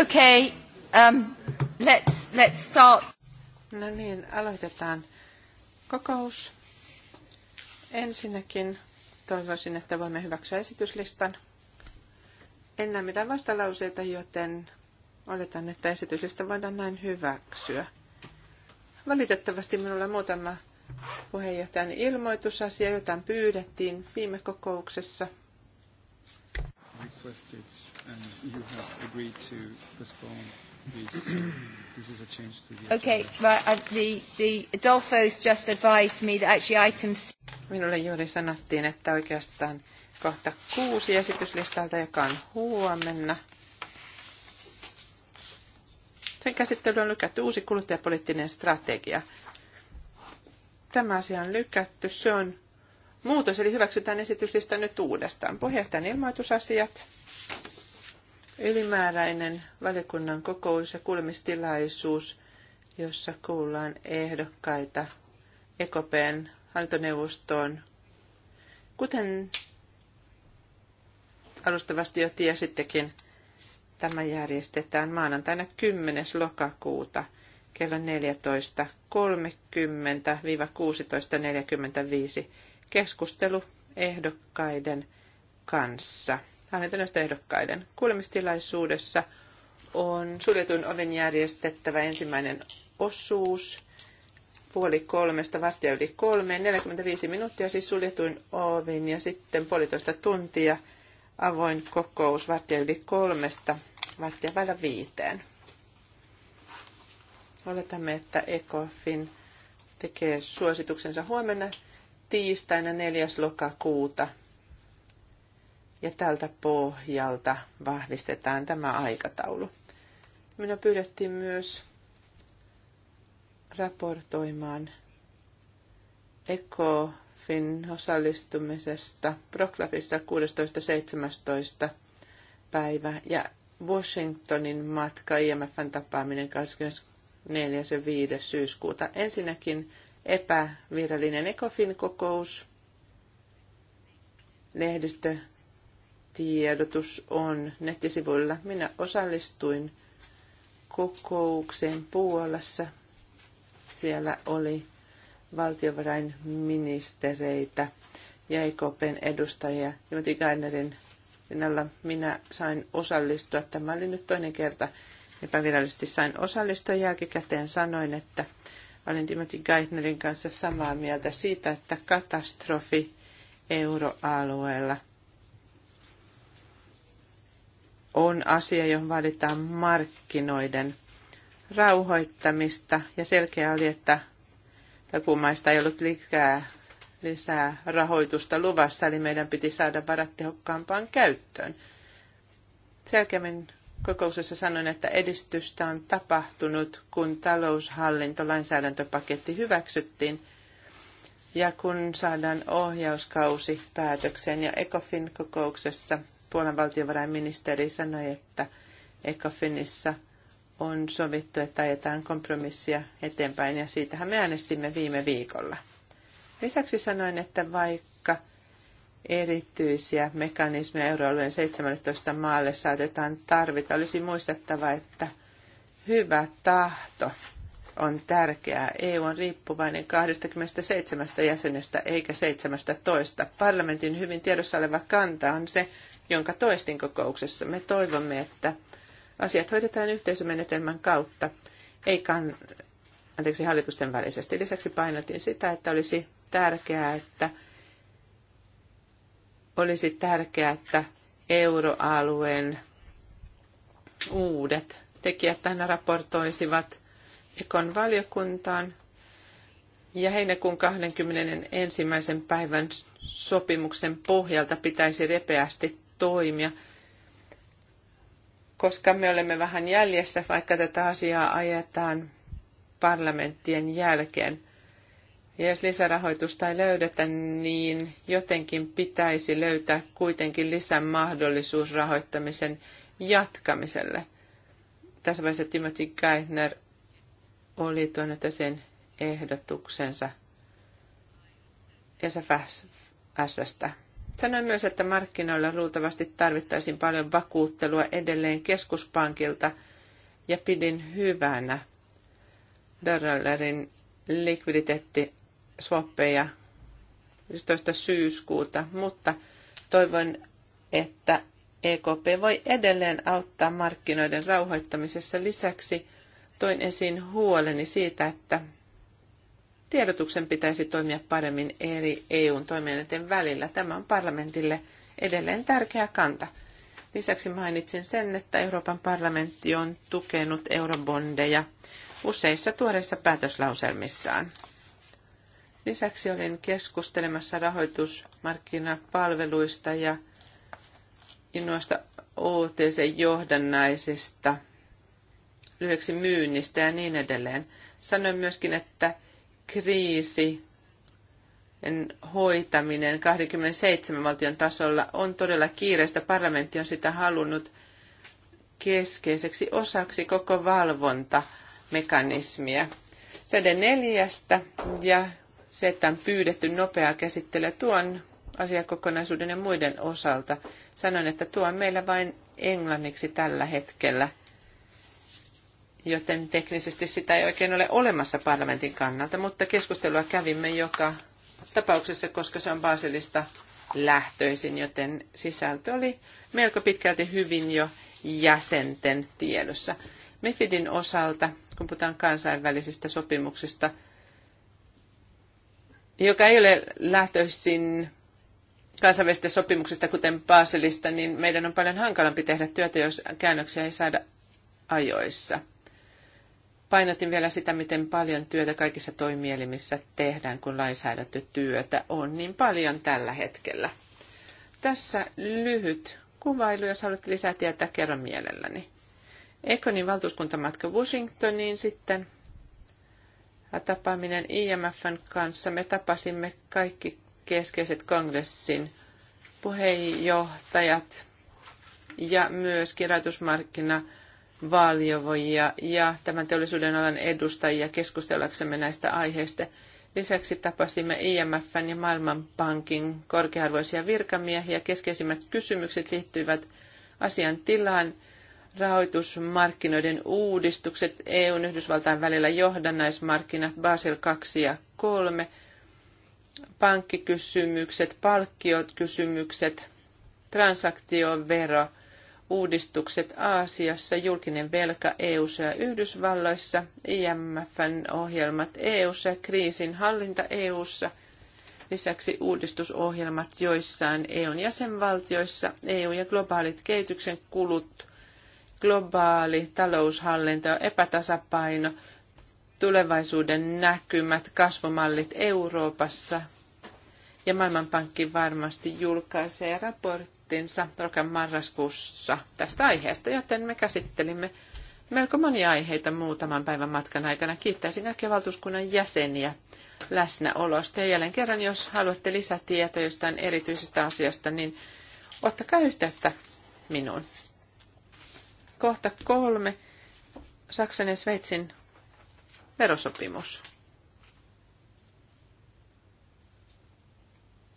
Okay, um, let's, let's start. No niin, aloitetaan kokous. Ensinnäkin toivoisin, että voimme hyväksyä esityslistan. En näe mitään vastalauseita, joten oletan, että esityslista voidaan näin hyväksyä. Valitettavasti minulla on muutama puheenjohtajan ilmoitusasia, jota pyydettiin viime kokouksessa. Requested and you have agreed to postpone this. this is a change to the Okay, agenda. right, uh, the, the Adolfo's just advised me that actually items... Minulle juuri sanottiin, että oikeastaan kohta kuusi esityslistalta, joka on huomenna. Sen käsittely on lykätty uusi kuluttajapoliittinen strategia. Tämä asia on lykätty. Se on muutos, eli hyväksytään esityslista nyt uudestaan. Puheenjohtajan ilmoitusasiat ylimääräinen valiokunnan kokous ja kuulemistilaisuus, jossa kuullaan ehdokkaita EKPn hallintoneuvostoon. Kuten alustavasti jo tiesittekin, tämä järjestetään maanantaina 10. lokakuuta kello 14.30-16.45 keskustelu ehdokkaiden kanssa hallintoneuvostoehdokkaiden. Kuulemistilaisuudessa on suljetun oven järjestettävä ensimmäinen osuus puoli kolmesta varttia yli kolmeen, 45 minuuttia siis suljetuin ovin ja sitten puolitoista tuntia avoin kokous varttia yli kolmesta varttia vailla viiteen. Oletamme, että ECOFIN tekee suosituksensa huomenna tiistaina 4. lokakuuta ja tältä pohjalta vahvistetaan tämä aikataulu. Minä pyydettiin myös raportoimaan ECOFin osallistumisesta Proklafissa 16.17. päivä ja Washingtonin matka IMFn tapaaminen 24. ja 5. syyskuuta. Ensinnäkin epävirallinen ECOFin kokous, lehdistö tiedotus on nettisivuilla. Minä osallistuin kokoukseen Puolassa. Siellä oli valtiovarainministereitä ja EKPn edustajia. Timothy Gainerin rinnalla minä sain osallistua. Tämä oli nyt toinen kerta. Epävirallisesti sain osallistua. Jälkikäteen sanoin, että olin Timothy Geithnerin kanssa samaa mieltä siitä, että katastrofi euroalueella – on asia, johon vaaditaan markkinoiden rauhoittamista. Ja selkeää oli, että takuumaista ei ollut lisää, lisää rahoitusta luvassa, eli meidän piti saada varat tehokkaampaan käyttöön. Selkeämmin kokouksessa sanoin, että edistystä on tapahtunut, kun taloushallintolainsäädäntöpaketti hyväksyttiin ja kun saadaan ohjauskausi päätökseen ja ECOFIN kokouksessa – Puolan valtiovarainministeri sanoi, että Ecofinissa on sovittu, että ajetaan kompromissia eteenpäin ja siitähän me äänestimme viime viikolla. Lisäksi sanoin, että vaikka erityisiä mekanismeja euroalueen 17 maalle saatetaan tarvita, olisi muistettava, että hyvä tahto on tärkeää. EU on riippuvainen 27 jäsenestä eikä 17. Parlamentin hyvin tiedossa oleva kanta on se, jonka toistin kokouksessa. Me toivomme, että asiat hoidetaan yhteisömenetelmän kautta, eikä anteeksi, hallitusten välisesti. Lisäksi painotin sitä, että olisi tärkeää, että olisi tärkeää, että euroalueen uudet tekijät aina raportoisivat Ekon valiokuntaan ja heinäkuun 21. päivän sopimuksen pohjalta pitäisi repeästi toimia, koska me olemme vähän jäljessä, vaikka tätä asiaa ajetaan parlamenttien jälkeen. Ja jos lisärahoitusta ei löydetä, niin jotenkin pitäisi löytää kuitenkin lisän mahdollisuus rahoittamisen jatkamiselle. Tässä vaiheessa Timothy Geithner oli tuonut sen ehdotuksensa SFS-stä. Sanoin myös, että markkinoilla luultavasti tarvittaisiin paljon vakuuttelua edelleen keskuspankilta ja pidin hyvänä Darrellerin swappeja 11. syyskuuta, mutta toivon, että EKP voi edelleen auttaa markkinoiden rauhoittamisessa. Lisäksi toin esiin huoleni siitä, että Tiedotuksen pitäisi toimia paremmin eri eu toimielinten välillä. Tämä on parlamentille edelleen tärkeä kanta. Lisäksi mainitsin sen, että Euroopan parlamentti on tukenut eurobondeja useissa tuoreissa päätöslauselmissaan. Lisäksi olin keskustelemassa rahoitusmarkkinapalveluista ja noista OTC-johdannaisista, lyhyeksi myynnistä ja niin edelleen. Sanoin myöskin, että kriisi hoitaminen 27 valtion tasolla on todella kiireistä. Parlamentti on sitä halunnut keskeiseksi osaksi koko valvontamekanismia. Sede neljästä ja se, että on pyydetty nopeaa käsittelyä tuon asiakokonaisuuden ja muiden osalta. Sanoin, että tuo on meillä vain englanniksi tällä hetkellä – joten teknisesti sitä ei oikein ole olemassa parlamentin kannalta, mutta keskustelua kävimme joka tapauksessa, koska se on Baselista lähtöisin, joten sisältö oli melko pitkälti hyvin jo jäsenten tiedossa. Mifidin osalta, kun puhutaan kansainvälisistä sopimuksista, joka ei ole lähtöisin kansainvälisistä sopimuksista, kuten Baselista, niin meidän on paljon hankalampi tehdä työtä, jos käännöksiä ei saada ajoissa – painotin vielä sitä, miten paljon työtä kaikissa toimielimissä tehdään, kun lainsäädäntötyötä on niin paljon tällä hetkellä. Tässä lyhyt kuvailu, jos haluatte lisää tietää, kerran mielelläni. Ekonin valtuuskuntamatka Washingtoniin sitten tapaaminen IMFn kanssa. Me tapasimme kaikki keskeiset kongressin puheenjohtajat ja myös kirjoitusmarkkina vaaliovoijia ja tämän teollisuuden alan edustajia keskustellaksemme näistä aiheista. Lisäksi tapasimme IMFn ja Maailmanpankin korkearvoisia virkamiehiä. Keskeisimmät kysymykset liittyivät asian tilaan, rahoitusmarkkinoiden uudistukset, EUn Yhdysvaltain välillä johdannaismarkkinat, Basel 2 ja 3, pankkikysymykset, palkkiot kysymykset, transaktiovero – uudistukset Aasiassa, julkinen velka EU:ssa ja Yhdysvalloissa, IMFn ohjelmat EU:ssa ja kriisin hallinta EU:ssa, lisäksi uudistusohjelmat joissain EUn jäsenvaltioissa, EU ja globaalit kehityksen kulut, globaali taloushallinta ja epätasapaino, tulevaisuuden näkymät, kasvomallit Euroopassa ja Maailmanpankki varmasti julkaisee raportin raporttinsa Rokan marraskuussa tästä aiheesta, joten me käsittelimme melko monia aiheita muutaman päivän matkan aikana. Kiittäisin kaikkia valtuuskunnan jäseniä läsnäolosta. Ja jälleen kerran, jos haluatte lisätietoa jostain erityisestä asiasta, niin ottakaa yhteyttä minuun. Kohta kolme. Saksan ja Sveitsin verosopimus.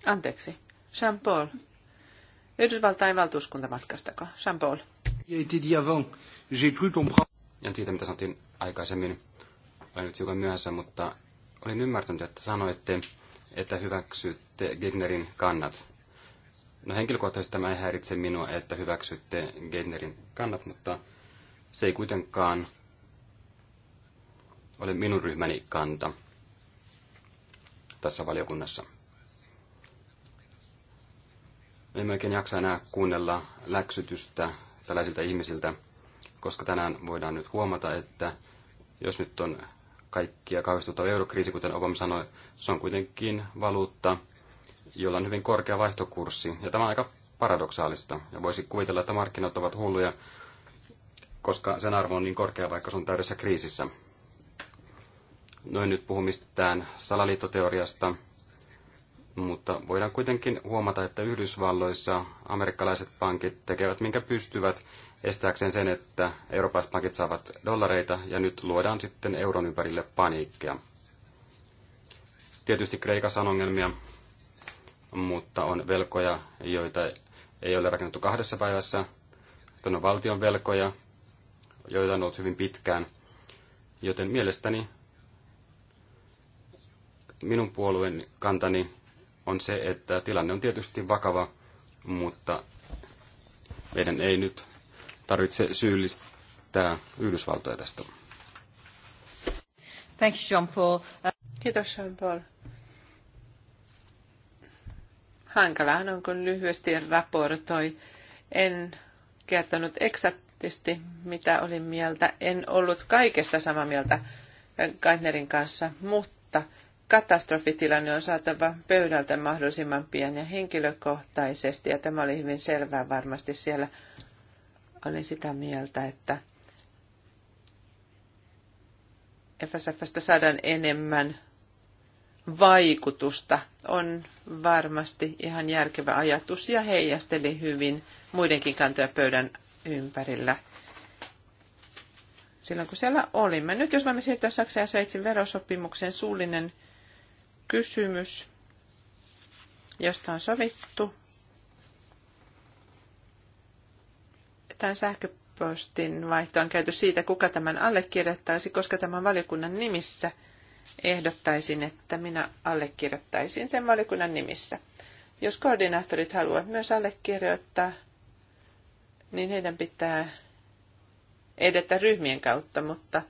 Anteeksi. Jean-Paul. Yhdysvaltain valtuuskuntamatkastako? Jean-Paul. En siitä, mitä sanottiin aikaisemmin. Olen nyt hiukan myöhässä, mutta olin ymmärtänyt, että sanoitte, että hyväksytte Gegnerin kannat. No henkilökohtaisesti tämä ei häiritse minua, että hyväksytte Gegnerin kannat, mutta se ei kuitenkaan ole minun ryhmäni kanta tässä valiokunnassa. Me emme oikein jaksa enää kuunnella läksytystä tällaisilta ihmisiltä, koska tänään voidaan nyt huomata, että jos nyt on kaikkia kauhistuttava eurokriisi, kuten Obama sanoi, se on kuitenkin valuutta, jolla on hyvin korkea vaihtokurssi. Ja tämä on aika paradoksaalista. Ja voisi kuvitella, että markkinat ovat hulluja, koska sen arvo on niin korkea, vaikka se on täydessä kriisissä. Noin nyt puhumistaan salaliittoteoriasta – mutta voidaan kuitenkin huomata, että Yhdysvalloissa amerikkalaiset pankit tekevät minkä pystyvät estääkseen sen, että eurooppalaiset pankit saavat dollareita ja nyt luodaan sitten euron ympärille paniikkia. Tietysti Kreikassa on ongelmia, mutta on velkoja, joita ei ole rakennettu kahdessa päivässä. Sitten on valtion velkoja, joita on ollut hyvin pitkään. Joten mielestäni minun puolueen kantani on se, että tilanne on tietysti vakava, mutta meidän ei nyt tarvitse syyllistää Yhdysvaltoja tästä. Thank you, Jean-Paul. Kiitos, Jean-Paul. Hankalahan on, kun lyhyesti raportoi. En kertonut eksaktisti, mitä olin mieltä. En ollut kaikesta samaa mieltä Kaitnerin kanssa, mutta – katastrofitilanne on saatava pöydältä mahdollisimman pian ja henkilökohtaisesti, ja tämä oli hyvin selvää varmasti siellä, olin sitä mieltä, että FSFstä saadaan enemmän vaikutusta on varmasti ihan järkevä ajatus ja heijasteli hyvin muidenkin kantoja pöydän ympärillä silloin kun siellä olimme. Nyt jos voimme siirtyä Saksan ja Sveitsin verosopimukseen, suullinen kysymys, josta on sovittu tämän sähköpostin vaihto on käyty siitä, kuka tämän allekirjoittaisi, koska tämän valiokunnan nimissä ehdottaisin, että minä allekirjoittaisin sen valiokunnan nimissä. Jos koordinaattorit haluavat myös allekirjoittaa, niin heidän pitää edetä ryhmien kautta, mutta –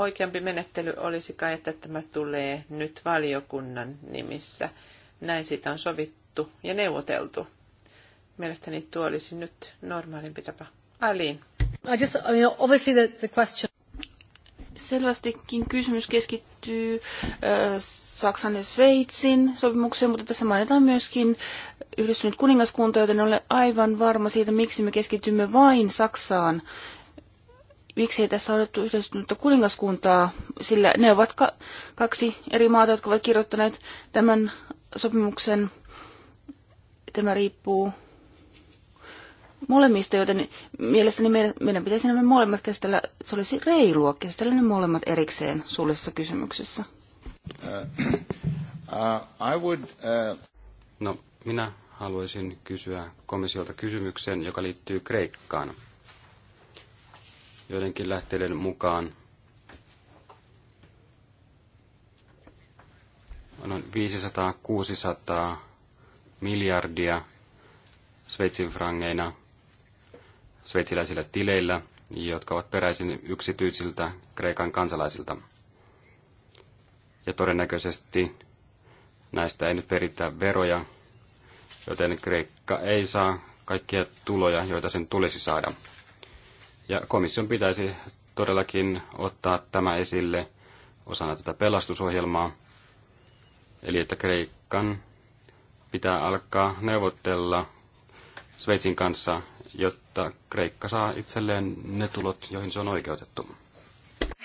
Oikeampi menettely olisi kai, että tämä tulee nyt valiokunnan nimissä. Näin siitä on sovittu ja neuvoteltu. Mielestäni tuo olisi nyt normaalimpi tapa. Aliin. I just, I mean, obviously the, the question selvästikin kysymys keskittyy Saksan ja Sveitsin sopimukseen, mutta tässä mainitaan myöskin yhdistynyt kuningaskunta, joten olen aivan varma siitä, miksi me keskitymme vain Saksaan miksi ei tässä otettu yhteistyötä kuningaskuntaa, sillä ne ovat ka- kaksi eri maata, jotka ovat kirjoittaneet tämän sopimuksen. Tämä riippuu molemmista, joten mielestäni meidän, meidän pitäisi nämä molemmat käsitellä, se olisi reilua käsitellä ne molemmat erikseen suullisessa kysymyksessä. Uh, uh, I would, uh... No, minä haluaisin kysyä komissiolta kysymyksen, joka liittyy Kreikkaan. Joidenkin lähteiden mukaan noin 500-600 miljardia Sveitsin frangeina sveitsiläisillä tileillä, jotka ovat peräisin yksityisiltä Kreikan kansalaisilta. Ja todennäköisesti näistä ei nyt peritä veroja, joten Kreikka ei saa kaikkia tuloja, joita sen tulisi saada. Ja komission pitäisi todellakin ottaa tämä esille osana tätä pelastusohjelmaa. Eli että Kreikan pitää alkaa neuvotella Sveitsin kanssa, jotta Kreikka saa itselleen ne tulot, joihin se on oikeutettu.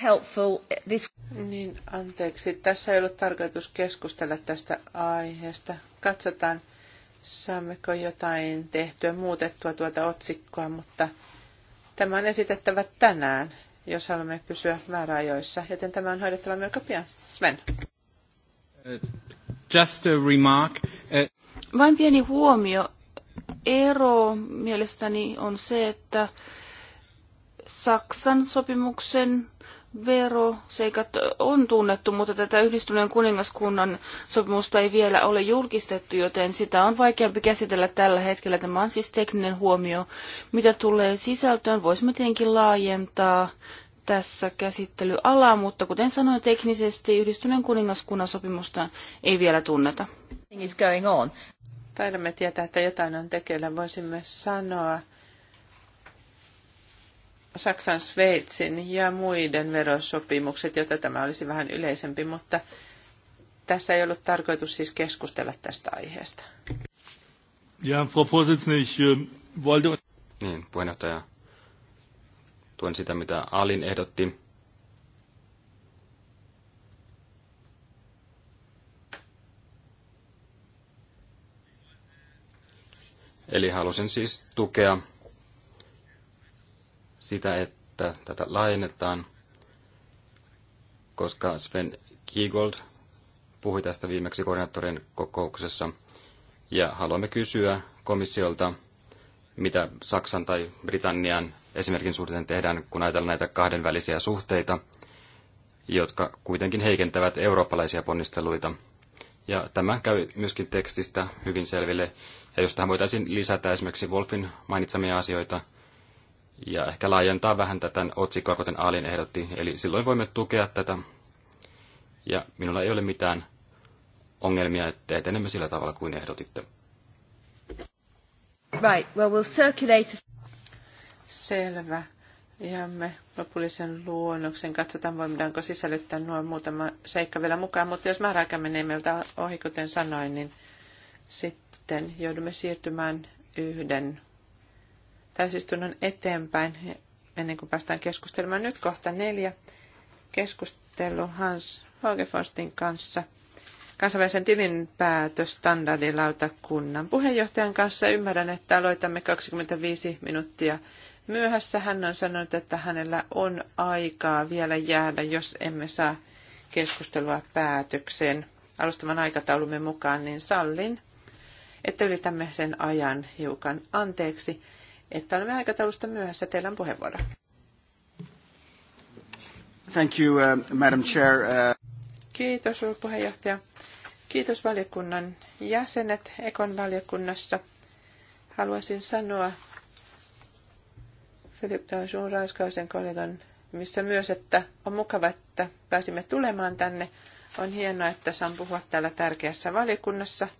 Helpful. This... Niin, anteeksi. Tässä ei ollut tarkoitus keskustella tästä aiheesta. Katsotaan, saammeko jotain tehtyä, muutettua tuota otsikkoa, mutta Tämä on esitettävä tänään, jos haluamme pysyä määräajoissa, joten tämä on hoidettava melko pian. Sven. Uh, just a remark. Uh, Vain pieni huomio. Ero mielestäni on se, että Saksan sopimuksen veroseikat on tunnettu, mutta tätä yhdistyneen kuningaskunnan sopimusta ei vielä ole julkistettu, joten sitä on vaikeampi käsitellä tällä hetkellä. Tämä on siis tekninen huomio. Mitä tulee sisältöön, voisimme tietenkin laajentaa tässä käsittelyalaa, mutta kuten sanoin teknisesti, yhdistyneen kuningaskunnan sopimusta ei vielä tunneta. Taidamme tietää, että jotain on tekeillä. Voisimme sanoa, Saksan, Sveitsin ja muiden verosopimukset, joita tämä olisi vähän yleisempi, mutta tässä ei ollut tarkoitus siis keskustella tästä aiheesta. Ja, Frau Vorsitzende, ich äh, wollte... Niin, puheenjohtaja, tuen sitä, mitä Alin ehdotti. Eli halusin siis tukea sitä, että tätä laajennetaan, koska Sven Kiegold puhui tästä viimeksi koordinaattorin kokouksessa. Ja haluamme kysyä komissiolta, mitä Saksan tai Britannian esimerkin suhteen tehdään, kun ajatellaan näitä kahdenvälisiä suhteita, jotka kuitenkin heikentävät eurooppalaisia ponnisteluita. Ja tämä käy myöskin tekstistä hyvin selville. Ja jos tähän voitaisiin lisätä esimerkiksi Wolfin mainitsemia asioita, ja ehkä laajentaa vähän tätä otsikkoa, kuten Aalin ehdotti. Eli silloin voimme tukea tätä. Ja minulla ei ole mitään ongelmia, että etenemme sillä tavalla kuin ehdotitte. Right, well we'll circulate. Selvä. Ja me lopullisen luonnoksen katsotaan, voidaanko sisällyttää nuo muutama seikka vielä mukaan, mutta jos määräaika menee meiltä ohi, kuten sanoin, niin sitten joudumme siirtymään yhden täysistunnon eteenpäin ennen kuin päästään keskustelemaan. Nyt kohta neljä keskustelu Hans Hogefostin kanssa kansainvälisen tilinpäätöstandardilautakunnan puheenjohtajan kanssa. Ymmärrän, että aloitamme 25 minuuttia myöhässä. Hän on sanonut, että hänellä on aikaa vielä jäädä, jos emme saa keskustelua päätökseen alustavan aikataulumme mukaan, niin sallin, että ylitämme sen ajan hiukan anteeksi että olemme aikataulusta myöhässä. Teillä on puheenvuoro. Thank you, uh, Madam Chair. Uh... Kiitos, puheenjohtaja. Kiitos valiokunnan jäsenet Ekon valiokunnassa. Haluaisin sanoa Philip Tansun raiskausen kollegan missä myös, että on mukava, että pääsimme tulemaan tänne. On hienoa, että saan puhua täällä tärkeässä valiokunnassa –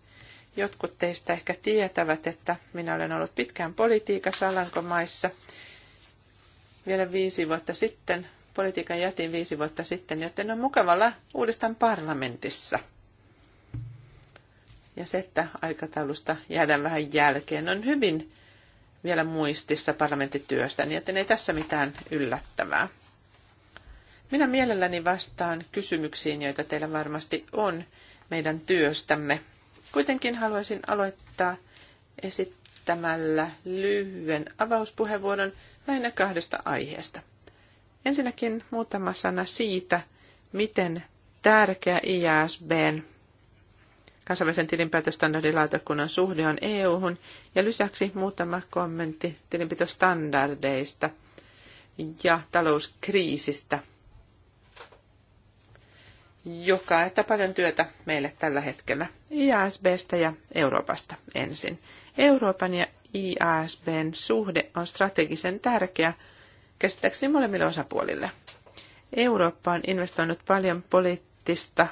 Jotkut teistä ehkä tietävät, että minä olen ollut pitkään politiikassa Alankomaissa. Vielä viisi vuotta sitten, politiikan jätin viisi vuotta sitten, joten on mukava olla uudestaan parlamentissa. Ja se, että aikataulusta jäädään vähän jälkeen, on hyvin vielä muistissa parlamenttityöstä, niin joten ei tässä mitään yllättävää. Minä mielelläni vastaan kysymyksiin, joita teillä varmasti on meidän työstämme Kuitenkin haluaisin aloittaa esittämällä lyhyen avauspuheenvuoron lähinnä kahdesta aiheesta. Ensinnäkin muutama sana siitä, miten tärkeä IASB kansainvälisen tilinpäätöstandardilautakunnan suhde on EU-hun ja lisäksi muutama kommentti tilinpitostandardeista ja talouskriisistä – joka että paljon työtä meille tällä hetkellä IASBstä ja Euroopasta ensin. Euroopan ja IASBn suhde on strategisen tärkeä käsittääkseni molemmille osapuolille. Eurooppa on investoinut paljon poliittista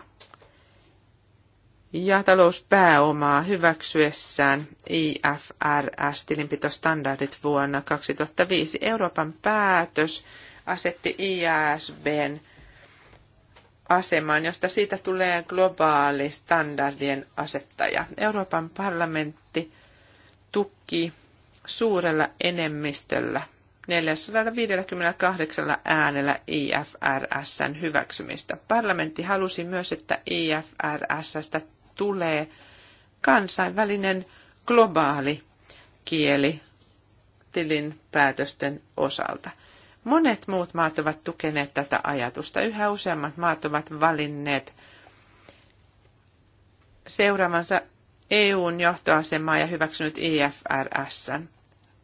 ja talouspääomaa hyväksyessään IFRS-tilinpitostandardit vuonna 2005. Euroopan päätös asetti IASBn asemaan, josta siitä tulee globaali standardien asettaja. Euroopan parlamentti tuki suurella enemmistöllä 458 äänellä IFRSn hyväksymistä. Parlamentti halusi myös, että IFRSstä tulee kansainvälinen globaali kieli tilin päätösten osalta – Monet muut maat ovat tukeneet tätä ajatusta. Yhä useammat maat ovat valinneet seuraavansa EUn johtoasemaa ja hyväksynyt IFRS.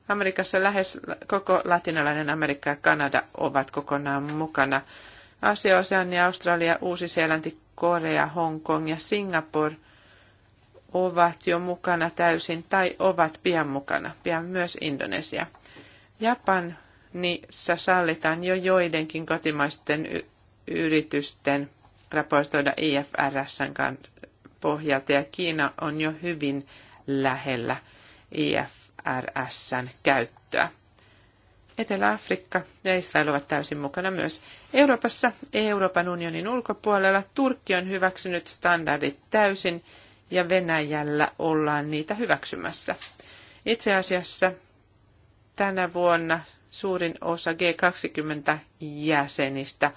Amerikassa lähes koko latinalainen Amerikka ja Kanada ovat kokonaan mukana. Asia, Oseania, Australia, Uusi-Seelanti, Korea, Hongkong ja Singapore ovat jo mukana täysin tai ovat pian mukana, pian myös Indonesia. Japan niissä sallitaan jo joidenkin kotimaisten yritysten raportoida IFRSn pohjalta ja Kiina on jo hyvin lähellä IFRSn käyttöä. Etelä-Afrikka ja Israel ovat täysin mukana myös. Euroopassa, Euroopan unionin ulkopuolella, Turkki on hyväksynyt standardit täysin ja Venäjällä ollaan niitä hyväksymässä. Itse asiassa tänä vuonna suurin osa G20-jäsenistä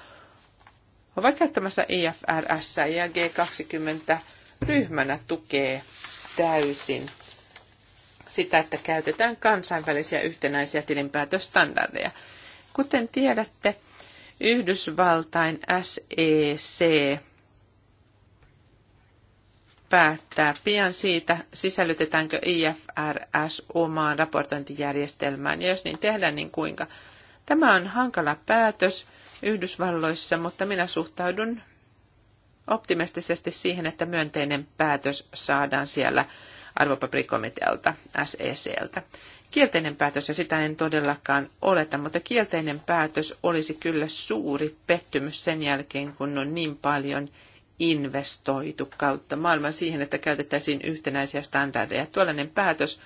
ovat käyttämässä IFRS ja G20-ryhmänä tukee täysin sitä, että käytetään kansainvälisiä yhtenäisiä tilinpäätöstandardeja. Kuten tiedätte, Yhdysvaltain SEC päättää pian siitä, sisällytetäänkö IFRS omaan raportointijärjestelmään, ja jos niin tehdään, niin kuinka. Tämä on hankala päätös Yhdysvalloissa, mutta minä suhtaudun optimistisesti siihen, että myönteinen päätös saadaan siellä arvopaperikomitealta, SECltä. Kielteinen päätös, ja sitä en todellakaan oleta, mutta kielteinen päätös olisi kyllä suuri pettymys sen jälkeen, kun on niin paljon investoitu kautta maailman siihen, että käytettäisiin yhtenäisiä standardeja. Tuollainen päätös,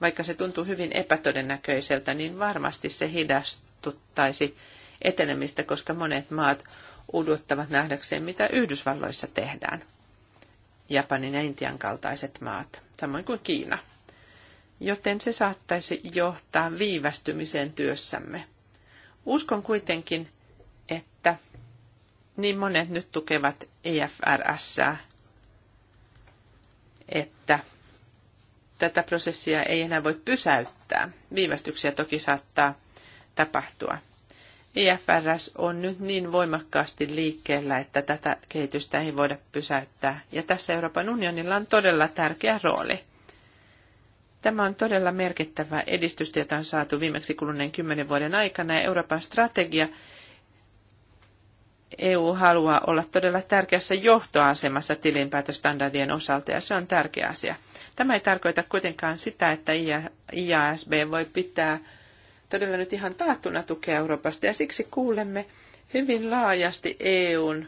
vaikka se tuntuu hyvin epätodennäköiseltä, niin varmasti se hidastuttaisi etenemistä, koska monet maat uduttavat nähdäkseen, mitä Yhdysvalloissa tehdään. Japanin ja Intian kaltaiset maat, samoin kuin Kiina. Joten se saattaisi johtaa viivästymiseen työssämme. Uskon kuitenkin, niin monet nyt tukevat EFRS, että tätä prosessia ei enää voi pysäyttää. Viivästyksiä toki saattaa tapahtua. EFRS on nyt niin voimakkaasti liikkeellä, että tätä kehitystä ei voida pysäyttää, ja tässä Euroopan unionilla on todella tärkeä rooli. Tämä on todella merkittävä edistys, jota on saatu viimeksi kuluneen kymmenen vuoden aikana, ja Euroopan strategia EU haluaa olla todella tärkeässä johtoasemassa tilinpäätöstandardien osalta ja se on tärkeä asia. Tämä ei tarkoita kuitenkaan sitä, että IASB voi pitää todella nyt ihan taattuna tukea Euroopasta ja siksi kuulemme hyvin laajasti EUn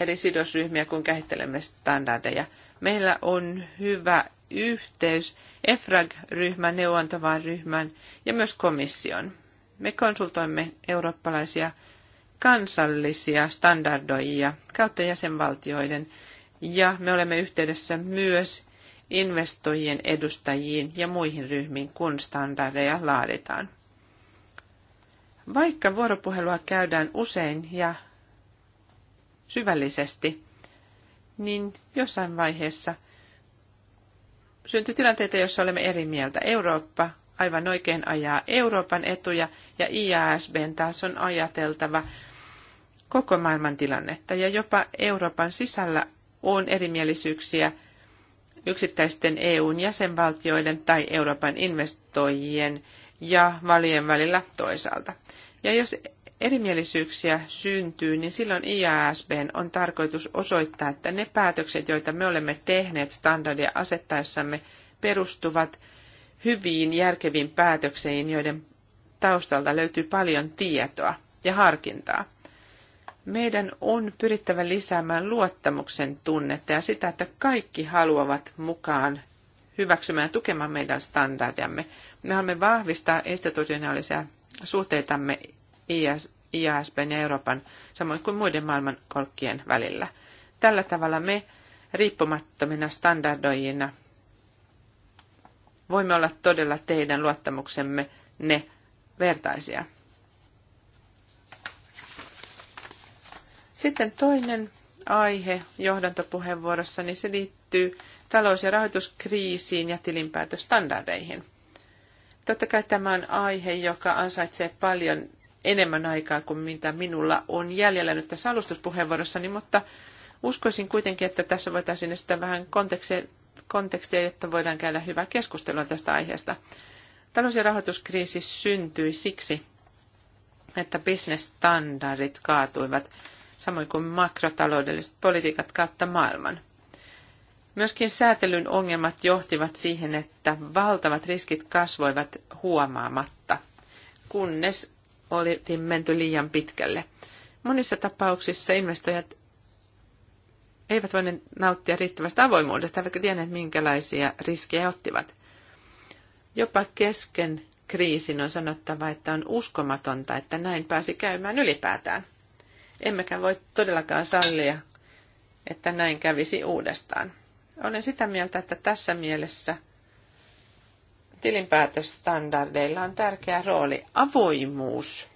eri sidosryhmiä, kun kehittelemme standardeja. Meillä on hyvä yhteys EFRAG-ryhmän, neuvontavan ryhmän ja myös komission. Me konsultoimme eurooppalaisia kansallisia standardoijia kautta jäsenvaltioiden ja me olemme yhteydessä myös investoijien edustajiin ja muihin ryhmiin, kun standardeja laaditaan. Vaikka vuoropuhelua käydään usein ja syvällisesti, niin jossain vaiheessa syntyy tilanteita, joissa olemme eri mieltä. Eurooppa aivan oikein ajaa Euroopan etuja ja IASB taas on ajateltava koko maailman tilannetta ja jopa Euroopan sisällä on erimielisyyksiä yksittäisten EUn jäsenvaltioiden tai Euroopan investoijien ja valien välillä toisaalta. Ja jos erimielisyyksiä syntyy, niin silloin IASBn on tarkoitus osoittaa, että ne päätökset, joita me olemme tehneet standardia asettaessamme, perustuvat hyviin, järkeviin päätöksiin, joiden taustalta löytyy paljon tietoa ja harkintaa. Meidän on pyrittävä lisäämään luottamuksen tunnetta ja sitä, että kaikki haluavat mukaan hyväksymään ja tukemaan meidän standardiamme. Me haluamme vahvistaa institutionaalisia suhteitamme IS, IASBn ja Euroopan, samoin kuin muiden maailmankolkkien välillä. Tällä tavalla me riippumattomina standardoijina voimme olla todella teidän luottamuksemme ne vertaisia. Sitten toinen aihe niin se liittyy talous- ja rahoituskriisiin ja tilinpäätöstandardeihin. Totta kai tämä on aihe, joka ansaitsee paljon enemmän aikaa kuin mitä minulla on jäljellä nyt tässä alustuspuheenvuorossani, mutta uskoisin kuitenkin, että tässä voitaisiin esittää vähän kontekstia, kontekstia, jotta voidaan käydä hyvää keskustelua tästä aiheesta. Talous- ja rahoituskriisi syntyi siksi, että bisnesstandardit kaatuivat – samoin kuin makrotaloudelliset politiikat kautta maailman. Myöskin säätelyn ongelmat johtivat siihen, että valtavat riskit kasvoivat huomaamatta, kunnes oli menty liian pitkälle. Monissa tapauksissa investoijat eivät voineet nauttia riittävästä avoimuudesta, eivätkä tienneet minkälaisia riskejä ottivat. Jopa kesken kriisin on sanottava, että on uskomatonta, että näin pääsi käymään ylipäätään. Emmekä voi todellakaan sallia, että näin kävisi uudestaan. Olen sitä mieltä, että tässä mielessä tilinpäätösstandardeilla on tärkeä rooli. Avoimuus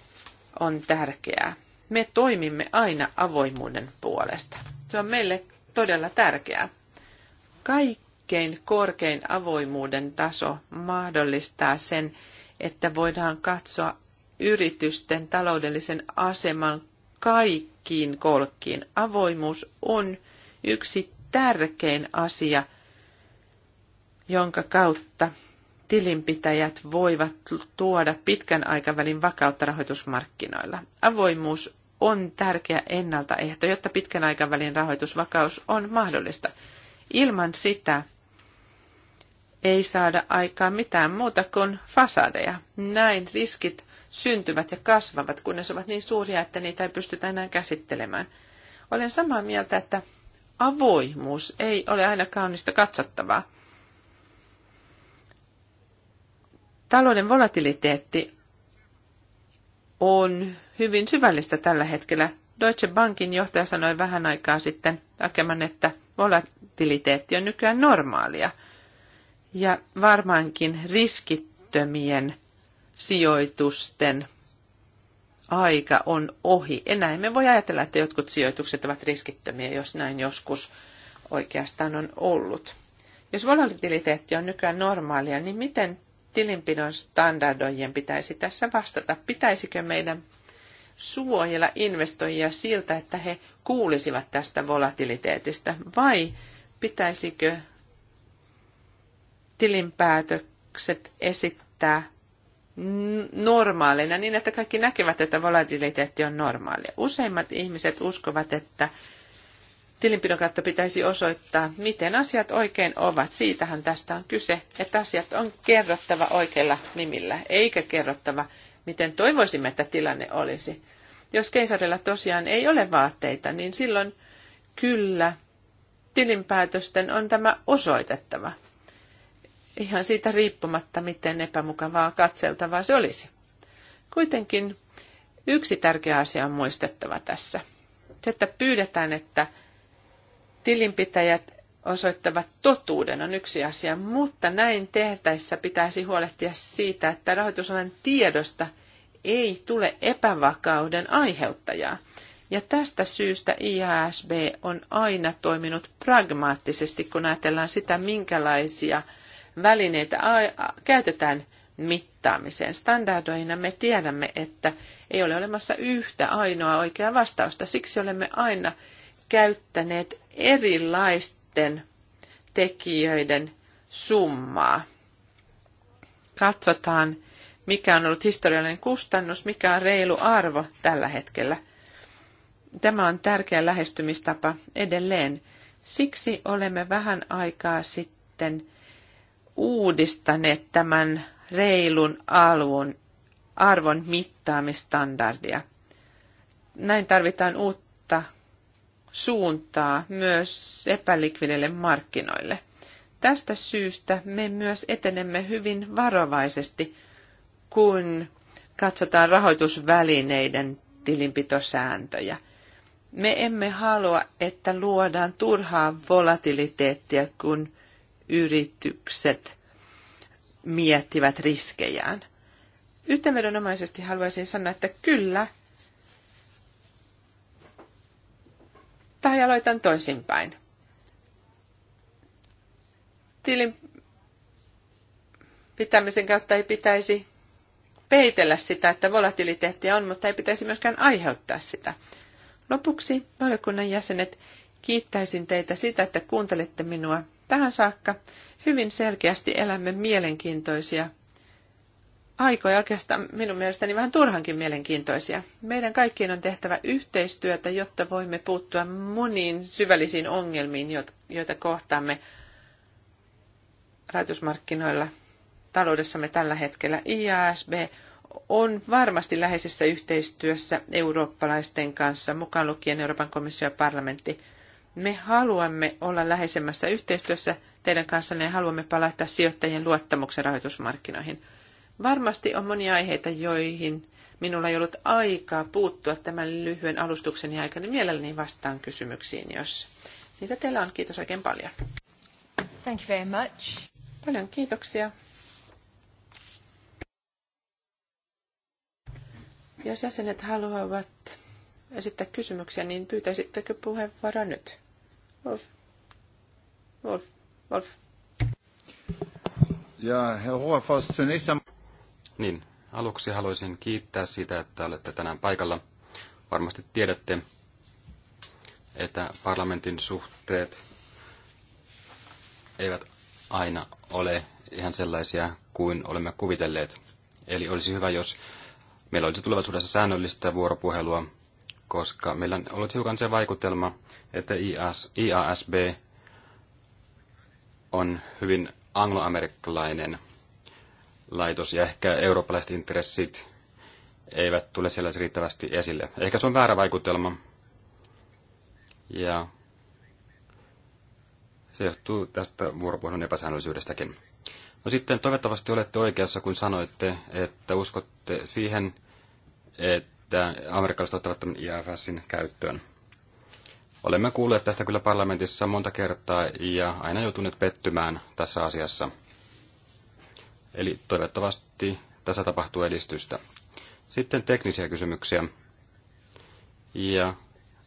on tärkeää. Me toimimme aina avoimuuden puolesta. Se on meille todella tärkeää. Kaikkein korkein avoimuuden taso mahdollistaa sen, että voidaan katsoa yritysten taloudellisen aseman kaikkiin kolkkiin. Avoimuus on yksi tärkein asia, jonka kautta tilinpitäjät voivat tuoda pitkän aikavälin vakautta rahoitusmarkkinoilla. Avoimuus on tärkeä ennaltaehto, jotta pitkän aikavälin rahoitusvakaus on mahdollista. Ilman sitä ei saada aikaan mitään muuta kuin fasadeja. Näin riskit syntyvät ja kasvavat, kunnes ovat niin suuria, että niitä ei pystytä enää käsittelemään. Olen samaa mieltä, että avoimuus ei ole aina kaunista katsottavaa. Talouden volatiliteetti on hyvin syvällistä tällä hetkellä. Deutsche Bankin johtaja sanoi vähän aikaa sitten takeman, että volatiliteetti on nykyään normaalia. Ja varmaankin riskittömien sijoitusten aika on ohi. Enää emme voi ajatella, että jotkut sijoitukset ovat riskittömiä, jos näin joskus oikeastaan on ollut. Jos volatiliteetti on nykyään normaalia, niin miten tilinpidon standardojen pitäisi tässä vastata? Pitäisikö meidän suojella investoijia siltä, että he kuulisivat tästä volatiliteetistä, vai pitäisikö tilinpäätökset esittää normaaleina niin, että kaikki näkevät, että volatiliteetti on normaalia. Useimmat ihmiset uskovat, että tilinpidon kautta pitäisi osoittaa, miten asiat oikein ovat. Siitähän tästä on kyse, että asiat on kerrottava oikeilla nimillä, eikä kerrottava, miten toivoisimme, että tilanne olisi. Jos keisarilla tosiaan ei ole vaatteita, niin silloin kyllä tilinpäätösten on tämä osoitettava ihan siitä riippumatta, miten epämukavaa katseltavaa se olisi. Kuitenkin yksi tärkeä asia on muistettava tässä. Se, että pyydetään, että tilinpitäjät osoittavat totuuden on yksi asia, mutta näin tehtäessä pitäisi huolehtia siitä, että rahoitusalan tiedosta ei tule epävakauden aiheuttajaa. Ja tästä syystä IASB on aina toiminut pragmaattisesti, kun ajatellaan sitä, minkälaisia – välineitä käytetään mittaamiseen. Standardoina me tiedämme, että ei ole olemassa yhtä ainoa oikeaa vastausta. Siksi olemme aina käyttäneet erilaisten tekijöiden summaa. Katsotaan, mikä on ollut historiallinen kustannus, mikä on reilu arvo tällä hetkellä. Tämä on tärkeä lähestymistapa edelleen. Siksi olemme vähän aikaa sitten – uudistaneet tämän reilun alvon, arvon mittaamistandardia. Näin tarvitaan uutta suuntaa myös epälikvidille markkinoille. Tästä syystä me myös etenemme hyvin varovaisesti, kun katsotaan rahoitusvälineiden tilinpitosääntöjä. Me emme halua, että luodaan turhaa volatiliteettia, kun yritykset miettivät riskejään. Yhteenvedonomaisesti haluaisin sanoa, että kyllä, tai aloitan toisinpäin. Tilin pitämisen kautta ei pitäisi peitellä sitä, että volatiliteettia on, mutta ei pitäisi myöskään aiheuttaa sitä. Lopuksi valiokunnan jäsenet, kiittäisin teitä sitä, että kuuntelette minua Tähän saakka hyvin selkeästi elämme mielenkiintoisia aikoja, oikeastaan minun mielestäni vähän turhankin mielenkiintoisia. Meidän kaikkien on tehtävä yhteistyötä, jotta voimme puuttua moniin syvällisiin ongelmiin, joita kohtaamme rahoitusmarkkinoilla taloudessamme tällä hetkellä. IASB on varmasti läheisessä yhteistyössä eurooppalaisten kanssa, mukaan lukien Euroopan komissio ja parlamentti – me haluamme olla läheisemmässä yhteistyössä teidän kanssanne ja haluamme palauttaa sijoittajien luottamuksen rahoitusmarkkinoihin. Varmasti on monia aiheita, joihin minulla ei ollut aikaa puuttua tämän lyhyen alustuksen aikana. Mielelläni vastaan kysymyksiin, jos niitä teillä on. Kiitos oikein paljon. Thank you very much. Paljon kiitoksia. Jos jäsenet haluavat esittää kysymyksiä, niin pyytäisittekö puheenvuoroa nyt? Wolf. Wolf. Wolf. Ja Herr zunächst Niin, aluksi haluaisin kiittää sitä, että olette tänään paikalla. Varmasti tiedätte, että parlamentin suhteet eivät aina ole ihan sellaisia kuin olemme kuvitelleet. Eli olisi hyvä, jos meillä olisi tulevaisuudessa säännöllistä vuoropuhelua koska meillä on ollut hiukan se vaikutelma, että IAS, IASB on hyvin angloamerikkalainen laitos ja ehkä eurooppalaiset intressit eivät tule siellä riittävästi esille. Ehkä se on väärä vaikutelma. Ja se johtuu tästä vuoropuhelun epäsäännöllisyydestäkin. No sitten toivottavasti olette oikeassa, kun sanoitte, että uskotte siihen, että että amerikkalaiset ottavat tämän IFSin käyttöön. Olemme kuulleet tästä kyllä parlamentissa monta kertaa ja aina joutuneet pettymään tässä asiassa. Eli toivottavasti tässä tapahtuu edistystä. Sitten teknisiä kysymyksiä. Ja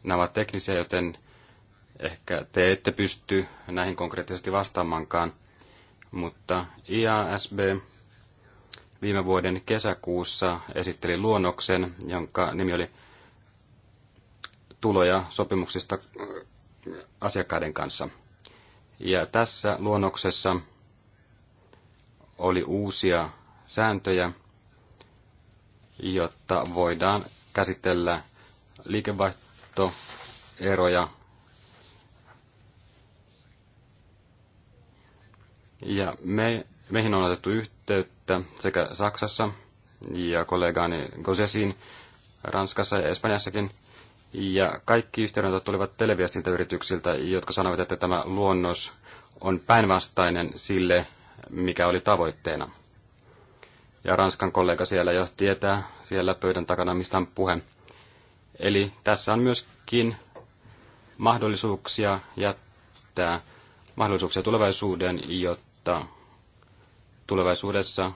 nämä ovat teknisiä, joten ehkä te ette pysty näihin konkreettisesti vastaamaankaan, Mutta IASB viime vuoden kesäkuussa esitteli luonnoksen, jonka nimi oli tuloja sopimuksista äh, asiakkaiden kanssa. Ja tässä luonnoksessa oli uusia sääntöjä, jotta voidaan käsitellä liikevaihtoeroja ja me Meihin on otettu yhteyttä sekä Saksassa ja kollegaani Gosesiin Ranskassa ja Espanjassakin. Ja kaikki yhteydenotot tulivat yrityksiltä, jotka sanovat, että tämä luonnos on päinvastainen sille, mikä oli tavoitteena. Ja Ranskan kollega siellä jo tietää siellä pöydän takana, mistä on puhe. Eli tässä on myöskin mahdollisuuksia jättää mahdollisuuksia tulevaisuuden, jotta tulevaisuudessa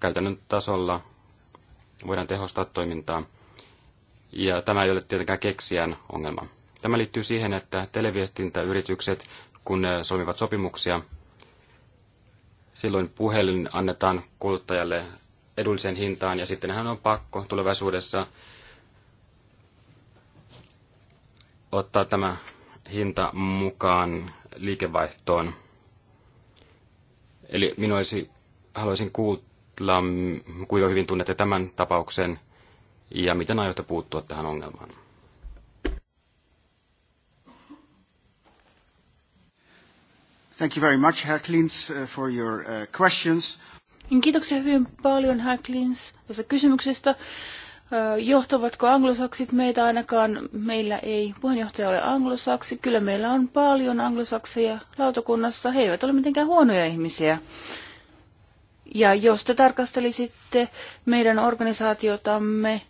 käytännön tasolla voidaan tehostaa toimintaa. Ja tämä ei ole tietenkään keksijän ongelma. Tämä liittyy siihen, että televiestintäyritykset, kun ne solmivat sopimuksia, silloin puhelin annetaan kuluttajalle edulliseen hintaan ja sitten hän on pakko tulevaisuudessa ottaa tämä hinta mukaan liikevaihtoon Eli minä olisi, haluaisin kuulla, kuinka hyvin tunnette tämän tapauksen ja miten aiotte puuttua tähän ongelmaan. Thank you very much, Herr Klins, uh, for your uh, questions. Niin, kiitoksia hyvin paljon, Herr Klins, tästä kysymyksestä johtavatko anglosaksit meitä ainakaan? Meillä ei puheenjohtaja ole anglosaksi. Kyllä meillä on paljon anglosakseja lautakunnassa. He eivät ole mitenkään huonoja ihmisiä. Ja jos te tarkastelisitte meidän organisaatiotamme,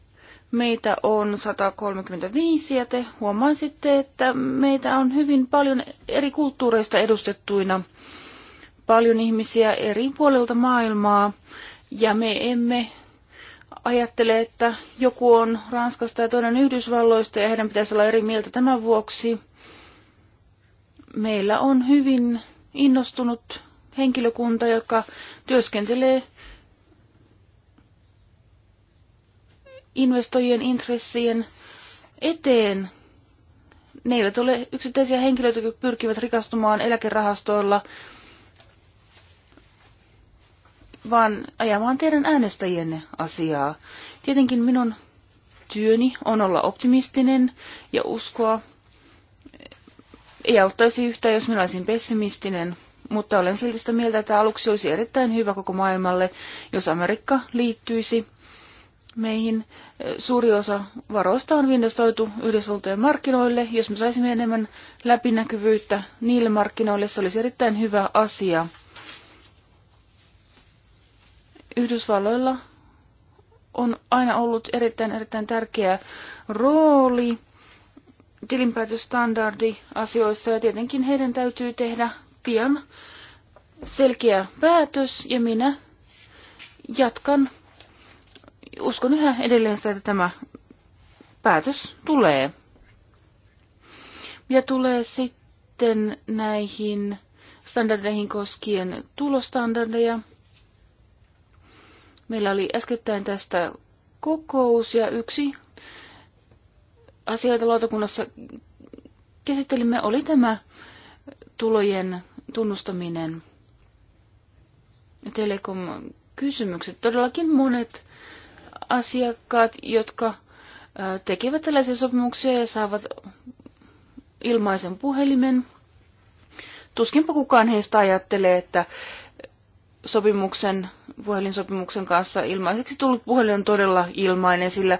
meitä on 135 ja te huomaisitte, että meitä on hyvin paljon eri kulttuureista edustettuina. Paljon ihmisiä eri puolilta maailmaa ja me emme ajattelee, että joku on Ranskasta ja toinen Yhdysvalloista ja heidän pitäisi olla eri mieltä tämän vuoksi. Meillä on hyvin innostunut henkilökunta, joka työskentelee investoijien intressien eteen. Ne eivät ole yksittäisiä henkilöitä, jotka pyrkivät rikastumaan eläkerahastoilla – vaan ajamaan teidän äänestäjienne asiaa. Tietenkin minun työni on olla optimistinen ja uskoa. Ei auttaisi yhtään, jos minä olisin pessimistinen, mutta olen silti sitä mieltä, että aluksi olisi erittäin hyvä koko maailmalle, jos Amerikka liittyisi meihin. Suuri osa varoista on investoitu Yhdysvaltojen markkinoille. Jos me saisimme enemmän läpinäkyvyyttä niille markkinoille, se olisi erittäin hyvä asia. Yhdysvalloilla on aina ollut erittäin, erittäin tärkeä rooli tilinpäätöstandardi asioissa ja tietenkin heidän täytyy tehdä pian selkeä päätös ja minä jatkan. Uskon yhä edelleen sitä, että tämä päätös tulee. Ja tulee sitten näihin standardeihin koskien tulostandardeja – Meillä oli äskettäin tästä kokous ja yksi asioita lautakunnassa käsittelimme oli tämä tulojen tunnustaminen. Telekom-kysymykset. Todellakin monet asiakkaat, jotka tekevät tällaisia sopimuksia ja saavat ilmaisen puhelimen. Tuskinpa kukaan heistä ajattelee, että sopimuksen puhelinsopimuksen kanssa ilmaiseksi tullut puhelin on todella ilmainen, sillä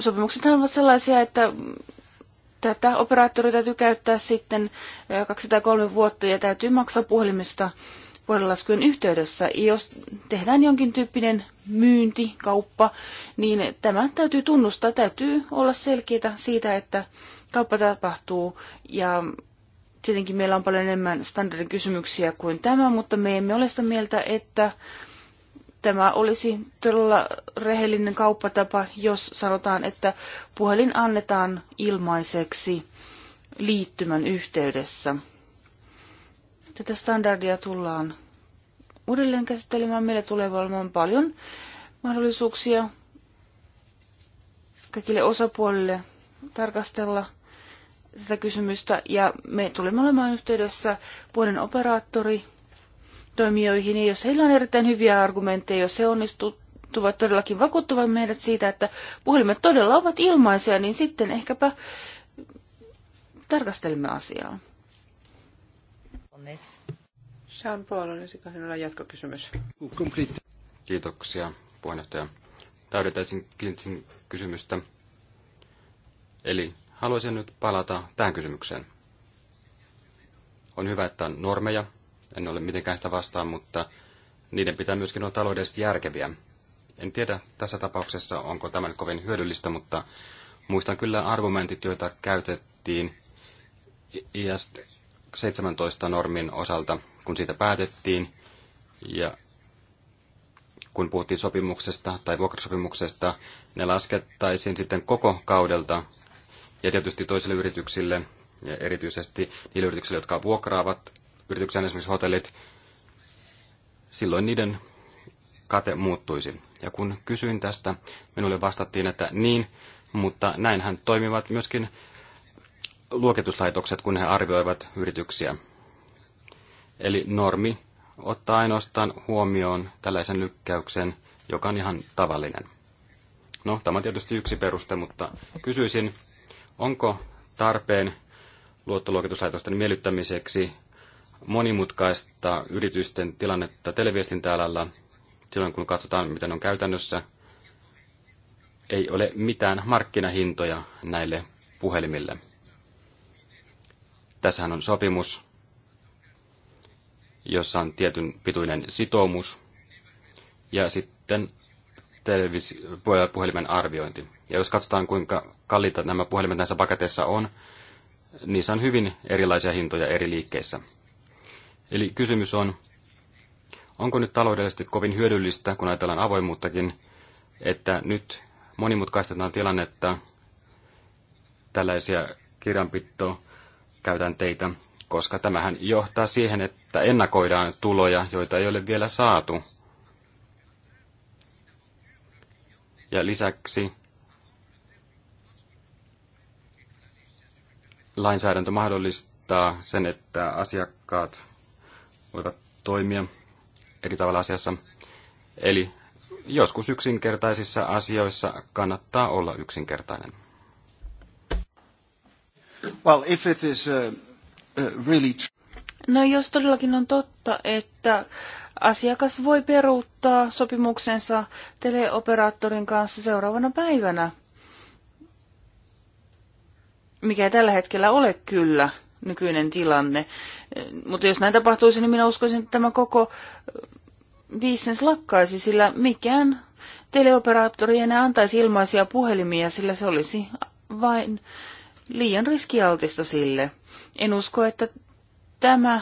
sopimukset ovat sellaisia, että tätä operaattoria täytyy käyttää sitten eh, kaksi tai kolme vuotta ja täytyy maksaa puhelimesta puhelinlaskujen yhteydessä. Jos tehdään jonkin tyyppinen myynti, kauppa, niin tämä täytyy tunnustaa, täytyy olla selkeitä siitä, että kauppa tapahtuu ja tietenkin meillä on paljon enemmän standardikysymyksiä kuin tämä, mutta me emme ole sitä mieltä, että Tämä olisi todella rehellinen kauppatapa, jos sanotaan, että puhelin annetaan ilmaiseksi liittymän yhteydessä. Tätä standardia tullaan uudelleen käsittelemään. Meillä tulee olemaan paljon mahdollisuuksia kaikille osapuolille tarkastella tätä kysymystä. Ja me tulemme olemaan yhteydessä vuoden operaattori toimijoihin, ja jos heillä on erittäin hyviä argumentteja, jos he onnistuvat todellakin vakuuttamaan meidät siitä, että puhelimet todella ovat ilmaisia, niin sitten ehkäpä tarkastelemme asiaa. Sean Paul, olisiko sinulla jatkokysymys? Kiitoksia, puheenjohtaja. Täydentäisin Kiltsin kysymystä. Eli haluaisin nyt palata tähän kysymykseen. On hyvä, että on normeja, en ole mitenkään sitä vastaan, mutta niiden pitää myöskin olla taloudellisesti järkeviä. En tiedä tässä tapauksessa, onko tämä nyt kovin hyödyllistä, mutta muistan kyllä argumentit, joita käytettiin IS 17 normin osalta, kun siitä päätettiin. Ja kun puhuttiin sopimuksesta tai vuokrasopimuksesta, ne laskettaisiin sitten koko kaudelta ja tietysti toisille yrityksille ja erityisesti niille yrityksille, jotka vuokraavat Yrityksen esimerkiksi hotellit, silloin niiden kate muuttuisi. Ja kun kysyin tästä, minulle vastattiin, että niin, mutta näinhän toimivat myöskin luokituslaitokset, kun he arvioivat yrityksiä. Eli normi ottaa ainoastaan huomioon tällaisen lykkäyksen, joka on ihan tavallinen. No, tämä on tietysti yksi peruste, mutta kysyisin, onko tarpeen luottoluokituslaitosten miellyttämiseksi monimutkaista yritysten tilannetta televiestintäalalla silloin, kun katsotaan, ne on käytännössä. Ei ole mitään markkinahintoja näille puhelimille. Tässähän on sopimus, jossa on tietyn pituinen sitoumus ja sitten televis- puhelimen arviointi. Ja jos katsotaan, kuinka kalliita nämä puhelimet näissä paketeissa on, niissä on hyvin erilaisia hintoja eri liikkeissä. Eli kysymys on, onko nyt taloudellisesti kovin hyödyllistä, kun ajatellaan avoimuuttakin, että nyt monimutkaistetaan tilannetta tällaisia kirjanpito teitä, koska tämähän johtaa siihen, että ennakoidaan tuloja, joita ei ole vielä saatu. Ja lisäksi lainsäädäntö mahdollistaa sen, että asiakkaat voivat toimia eri tavalla asiassa. Eli joskus yksinkertaisissa asioissa kannattaa olla yksinkertainen. Well, if it is, uh, uh, really no jos todellakin on totta, että asiakas voi peruuttaa sopimuksensa teleoperaattorin kanssa seuraavana päivänä, mikä ei tällä hetkellä ole kyllä – nykyinen tilanne. Mutta jos näin tapahtuisi, niin minä uskoisin, että tämä koko bisnes lakkaisi, sillä mikään teleoperaattori ei enää antaisi ilmaisia puhelimia, sillä se olisi vain liian riskialtista sille. En usko, että tämä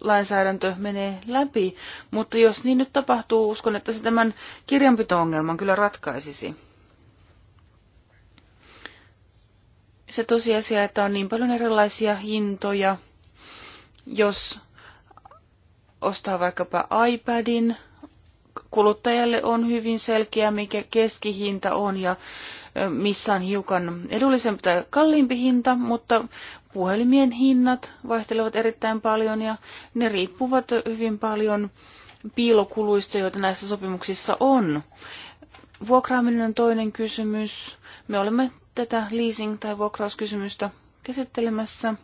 lainsäädäntö menee läpi, mutta jos niin nyt tapahtuu, uskon, että se tämän kirjanpito-ongelman kyllä ratkaisisi. se tosiasia, että on niin paljon erilaisia hintoja, jos ostaa vaikkapa iPadin, kuluttajalle on hyvin selkeä, mikä keskihinta on ja missä on hiukan edullisempi tai kalliimpi hinta, mutta puhelimien hinnat vaihtelevat erittäin paljon ja ne riippuvat hyvin paljon piilokuluista, joita näissä sopimuksissa on. Vuokraaminen on toinen kysymys. Me olemme tätä leasing- tai vuokrauskysymystä käsittelemässä.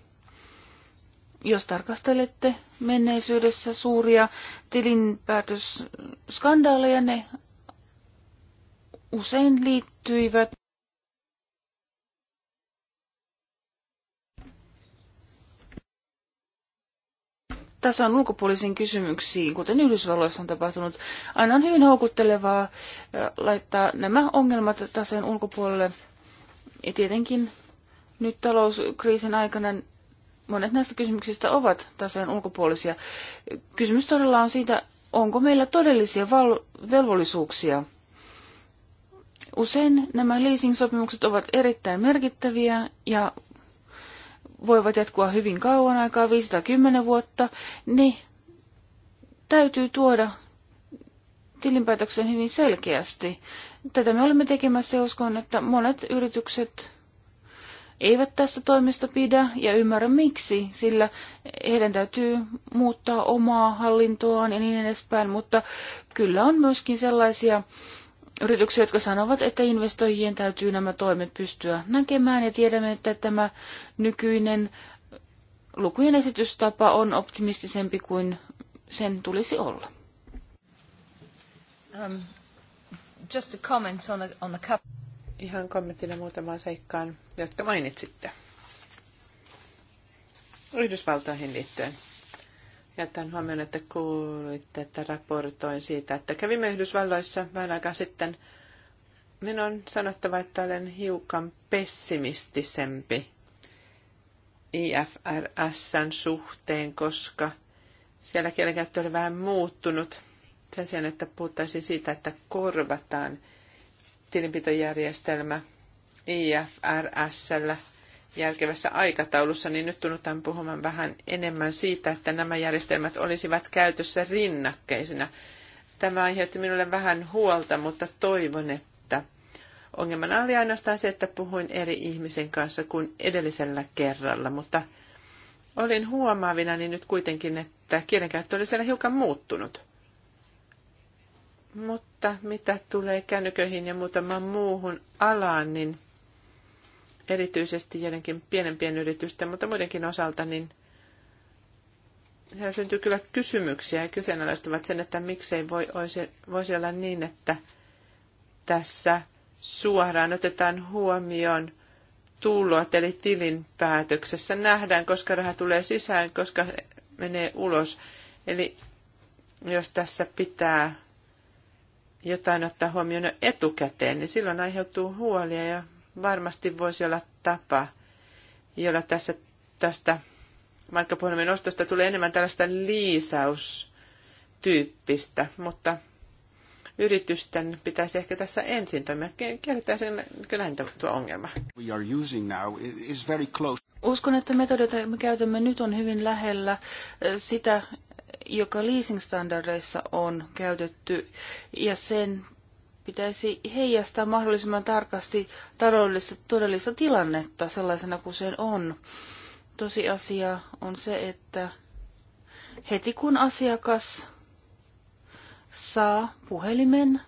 Jos tarkastelette menneisyydessä suuria tilinpäätösskandaaleja, ne usein liittyivät Tässä on ulkopuolisiin kysymyksiin, kuten Yhdysvalloissa on tapahtunut. Aina on hyvin houkuttelevaa äh, laittaa nämä ongelmat taseen ulkopuolelle ja tietenkin nyt talouskriisin aikana monet näistä kysymyksistä ovat taseen ulkopuolisia. Kysymys todella on siitä, onko meillä todellisia velvollisuuksia. Usein nämä leasing-sopimukset ovat erittäin merkittäviä ja voivat jatkua hyvin kauan aikaa, 510 vuotta, niin täytyy tuoda tilinpäätöksen hyvin selkeästi. Tätä me olemme tekemässä ja uskon, että monet yritykset eivät tästä toimesta pidä ja ymmärrä miksi, sillä heidän täytyy muuttaa omaa hallintoaan ja niin edespäin, mutta kyllä on myöskin sellaisia yrityksiä, jotka sanovat, että investoijien täytyy nämä toimet pystyä näkemään ja tiedämme, että tämä nykyinen lukujen esitystapa on optimistisempi kuin sen tulisi olla. Um, just a comment on the, on the cup. Ihan kommenttina muutamaan seikkaan, jotka mainitsitte. Yhdysvaltoihin liittyen. Jätän huomioon, että kuulitte, että raportoin siitä, että kävimme Yhdysvalloissa vähän aikaa sitten. Minun on sanottava, että olen hiukan pessimistisempi IFRSn suhteen, koska siellä kielenkäyttö oli vähän muuttunut sen sijaan, että puhuttaisiin siitä, että korvataan tilinpitojärjestelmä IFRS järkevässä aikataulussa, niin nyt tunnutaan puhumaan vähän enemmän siitä, että nämä järjestelmät olisivat käytössä rinnakkeisina. Tämä aiheutti minulle vähän huolta, mutta toivon, että ongelmana oli ainoastaan se, että puhuin eri ihmisen kanssa kuin edellisellä kerralla, mutta olin niin nyt kuitenkin, että kielenkäyttö oli siellä hiukan muuttunut. Mutta mitä tulee kännyköihin ja muutamaan muuhun alaan, niin erityisesti jotenkin pienempien yritysten, mutta muidenkin osalta, niin siellä syntyy kyllä kysymyksiä ja kyseenalaistavat sen, että miksei voi, olisi, voisi olla niin, että tässä suoraan otetaan huomioon tulot, eli tilin päätöksessä nähdään, koska raha tulee sisään, koska menee ulos. Eli jos tässä pitää jotain ottaa huomioon jo etukäteen, niin silloin aiheutuu huolia ja varmasti voisi olla tapa, jolla tässä, tästä matkapuhelimen ostosta tulee enemmän tällaista liisaustyyppistä, mutta yritysten pitäisi ehkä tässä ensin toimia. Kierretään sen kyllähän tuo ongelma. We are using now is very close. Uskon, että metodi, jota me käytämme nyt, on hyvin lähellä eh, sitä, joka leasing-standardeissa on käytetty, ja sen pitäisi heijastaa mahdollisimman tarkasti taloudellista todellista tilannetta sellaisena kuin se on. Tosiasia on se, että heti kun asiakas saa puhelimen,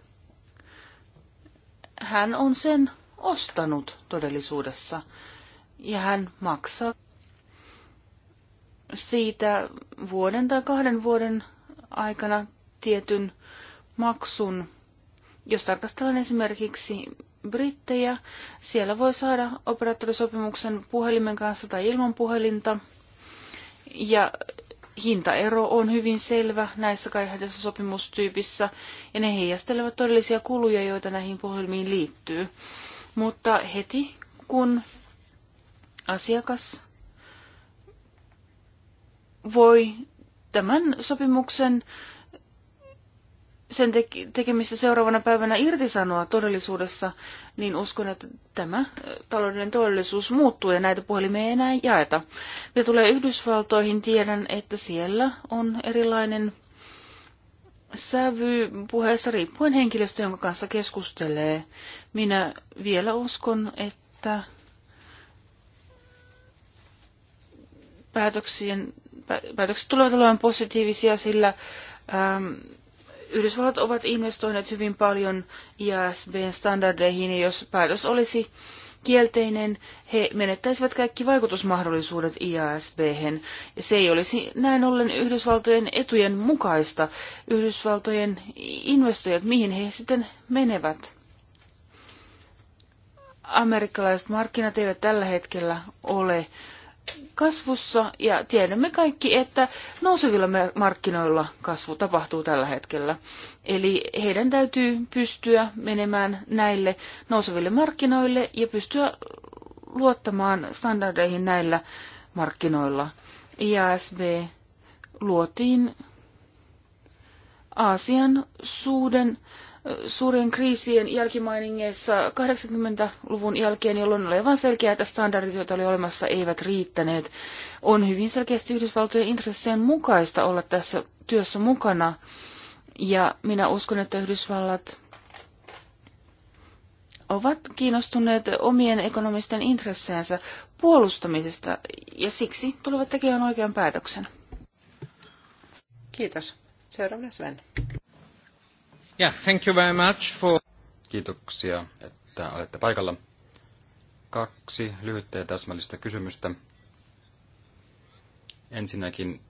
hän on sen ostanut todellisuudessa ja hän maksaa siitä vuoden tai kahden vuoden aikana tietyn maksun. Jos tarkastellaan esimerkiksi brittejä, siellä voi saada operaattorisopimuksen puhelimen kanssa tai ilman puhelinta. Ja hintaero on hyvin selvä näissä kaikissa sopimustyypissä, ja ne heijastelevat todellisia kuluja, joita näihin puhelimiin liittyy. Mutta heti kun asiakas voi tämän sopimuksen sen tekemistä seuraavana päivänä irtisanoa todellisuudessa, niin uskon, että tämä taloudellinen todellisuus muuttuu ja näitä puhelimia ei enää jaeta. Ja tulee Yhdysvaltoihin, tiedän, että siellä on erilainen sävy puheessa riippuen henkilöstä, jonka kanssa keskustelee. Minä vielä uskon, että päätöksien päätökset tulevat olemaan positiivisia, sillä äm, Yhdysvallat ovat investoineet hyvin paljon IASBn standardeihin, ja jos päätös olisi kielteinen, he menettäisivät kaikki vaikutusmahdollisuudet IASB. -hen. Se ei olisi näin ollen Yhdysvaltojen etujen mukaista. Yhdysvaltojen investoijat, mihin he sitten menevät? Amerikkalaiset markkinat eivät tällä hetkellä ole kasvussa ja tiedämme kaikki, että nousevilla markkinoilla kasvu tapahtuu tällä hetkellä. Eli heidän täytyy pystyä menemään näille nouseville markkinoille ja pystyä luottamaan standardeihin näillä markkinoilla. IASB luotiin Aasian suuden suurien kriisien jälkimainingeissa 80-luvun jälkeen, jolloin oli aivan selkeää, että standardit, joita oli olemassa, eivät riittäneet. On hyvin selkeästi Yhdysvaltojen intressien mukaista olla tässä työssä mukana. Ja minä uskon, että Yhdysvallat ovat kiinnostuneet omien ekonomisten intresseensä puolustamisesta ja siksi tulevat tekemään oikean päätöksen. Kiitos. Seuraavana Sven. Yeah, thank you very much for... Kiitoksia, että olette paikalla. Kaksi lyhyttä ja täsmällistä kysymystä. Ensinnäkin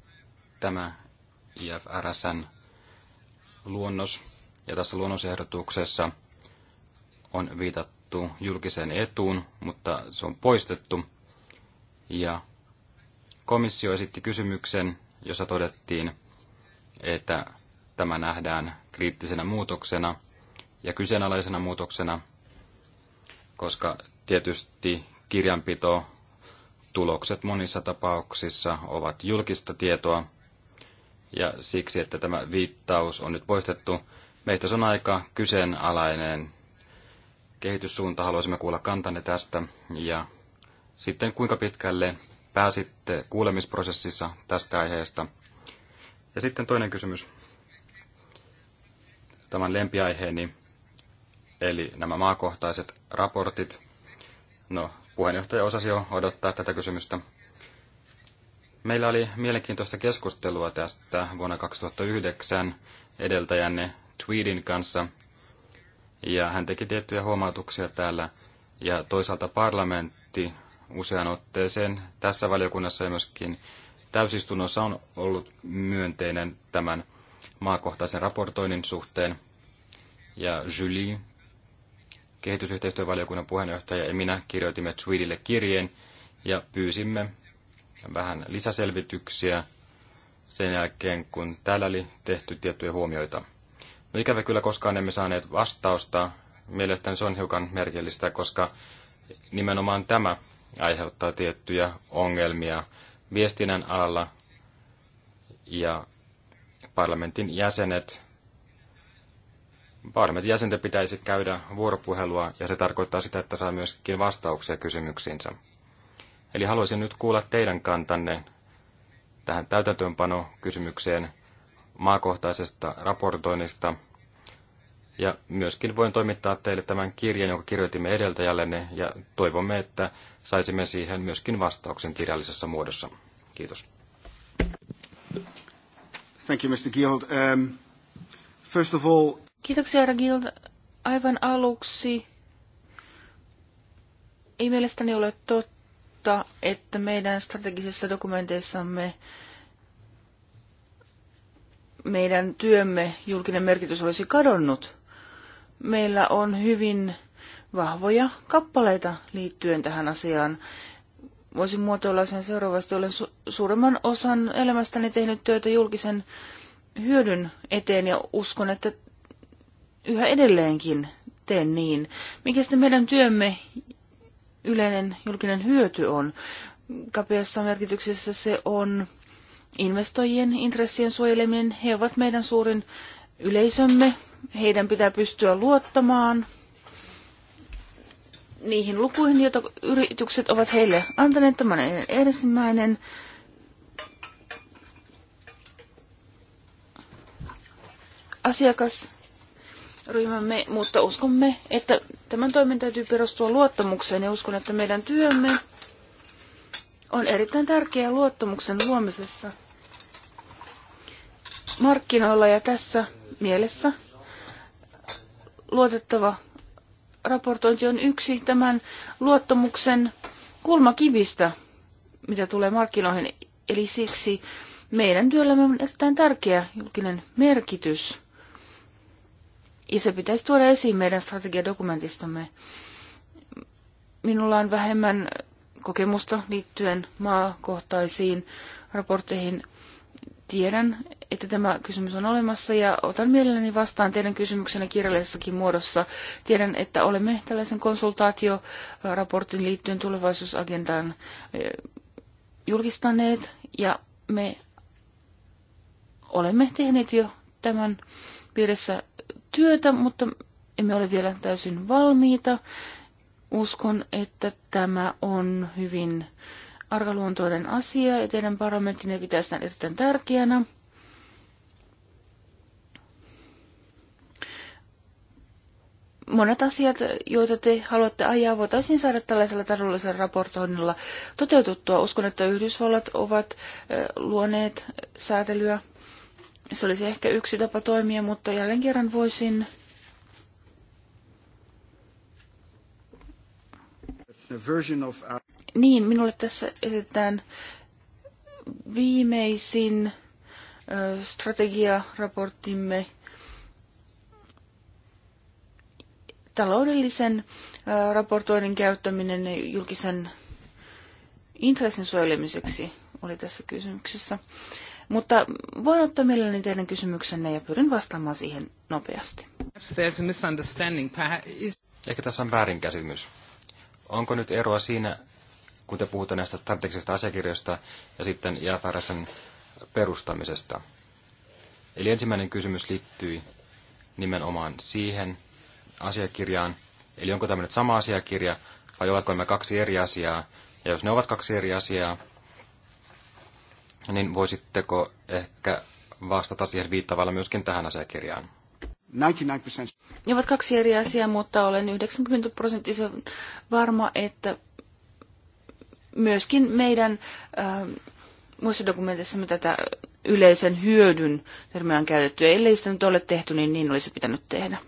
tämä IFRSn luonnos. Ja tässä luonnosehdotuksessa on viitattu julkiseen etuun, mutta se on poistettu. Ja komissio esitti kysymyksen, jossa todettiin, että Tämä nähdään kriittisenä muutoksena ja kyseenalaisena muutoksena, koska tietysti kirjanpito tulokset monissa tapauksissa ovat julkista tietoa, ja siksi, että tämä viittaus on nyt poistettu, meistä se on aika kyseenalainen kehityssuunta. Haluaisimme kuulla kantanne tästä, ja sitten kuinka pitkälle pääsitte kuulemisprosessissa tästä aiheesta. Ja sitten toinen kysymys tämän lempiaiheeni, eli nämä maakohtaiset raportit. No, puheenjohtaja osasi jo odottaa tätä kysymystä. Meillä oli mielenkiintoista keskustelua tästä vuonna 2009 edeltäjänne Tweedin kanssa, ja hän teki tiettyjä huomautuksia täällä, ja toisaalta parlamentti usean otteeseen tässä valiokunnassa ja myöskin täysistunnossa on ollut myönteinen tämän maakohtaisen raportoinnin suhteen. Ja Julie, kehitysyhteistyövaliokunnan puheenjohtaja ja minä kirjoitimme Tweedille kirjeen ja pyysimme vähän lisäselvityksiä sen jälkeen, kun täällä oli tehty tiettyjä huomioita. No ikävä kyllä koskaan emme saaneet vastausta. Mielestäni se on hiukan merkillistä, koska nimenomaan tämä aiheuttaa tiettyjä ongelmia viestinnän alalla ja parlamentin jäsenet, parlamentin jäsenten pitäisi käydä vuoropuhelua ja se tarkoittaa sitä, että saa myöskin vastauksia kysymyksiinsä. Eli haluaisin nyt kuulla teidän kantanne tähän täytäntöönpano-kysymykseen maakohtaisesta raportoinnista. Ja myöskin voin toimittaa teille tämän kirjan, jonka kirjoitimme edeltäjällenne, ja toivomme, että saisimme siihen myöskin vastauksen kirjallisessa muodossa. Kiitos. Thank you, Mr. Guild. Um, first of all... Kiitoksia, herra Guild. Aivan aluksi ei mielestäni ole totta, että meidän strategisissa dokumenteissamme meidän työmme julkinen merkitys olisi kadonnut. Meillä on hyvin vahvoja kappaleita liittyen tähän asiaan voisin muotoilla sen seuraavasti. Olen su- suuremman osan elämästäni tehnyt työtä julkisen hyödyn eteen ja uskon, että yhä edelleenkin teen niin. Mikä sitten meidän työmme yleinen julkinen hyöty on? Kapeassa merkityksessä se on investoijien intressien suojeleminen. He ovat meidän suurin yleisömme. Heidän pitää pystyä luottamaan niihin lukuihin, joita yritykset ovat heille antaneet. Tämä on ensimmäinen. asiakasryhmämme, mutta uskomme, että tämän toimen täytyy perustua luottamukseen ja uskon, että meidän työmme on erittäin tärkeää luottamuksen luomisessa markkinoilla ja tässä mielessä luotettava raportointi on yksi tämän luottamuksen kulmakivistä, mitä tulee markkinoihin. Eli siksi meidän työllämme on erittäin tärkeä julkinen merkitys. Ja se pitäisi tuoda esiin meidän strategiadokumentistamme. Minulla on vähemmän kokemusta liittyen maakohtaisiin raportteihin Tiedän, että tämä kysymys on olemassa ja otan mielelläni vastaan teidän kysymyksenä kirjallisessakin muodossa. Tiedän, että olemme tällaisen konsultaatioraportin liittyen tulevaisuusagendaan eh, julkistaneet ja me olemme tehneet jo tämän piirissä työtä, mutta emme ole vielä täysin valmiita. Uskon, että tämä on hyvin arkaluontoinen asia ja teidän parlamenttinne pitää sitä erittäin tärkeänä. monet asiat, joita te haluatte ajaa, voitaisiin saada tällaisella taloudellisella raportoinnilla toteutettua. Uskon, että Yhdysvallat ovat luoneet säätelyä. Se olisi ehkä yksi tapa toimia, mutta jälleen kerran voisin... Version of our... Niin, minulle tässä esitetään viimeisin strategiaraporttimme taloudellisen raportoinnin käyttäminen julkisen intressin suojelemiseksi oli tässä kysymyksessä. Mutta voin ottaa mielelläni teidän kysymyksenne ja pyrin vastaamaan siihen nopeasti. Ehkä tässä on väärinkäsitys. Onko nyt eroa siinä, kun te puhutte näistä strategisista asiakirjoista ja sitten IFRSn perustamisesta. Eli ensimmäinen kysymys liittyy nimenomaan siihen asiakirjaan, eli onko tämä nyt sama asiakirja vai ovatko nämä kaksi eri asiaa, ja jos ne ovat kaksi eri asiaa, niin voisitteko ehkä vastata siihen viittavalla myöskin tähän asiakirjaan? 99%. Ne ovat kaksi eri asiaa, mutta olen 90 prosenttisen varma, että myöskin meidän äh, muissa dokumenteissamme tätä yleisen hyödyn termiä on käytetty. Ellei sitä nyt ole tehty, niin niin olisi pitänyt tehdä.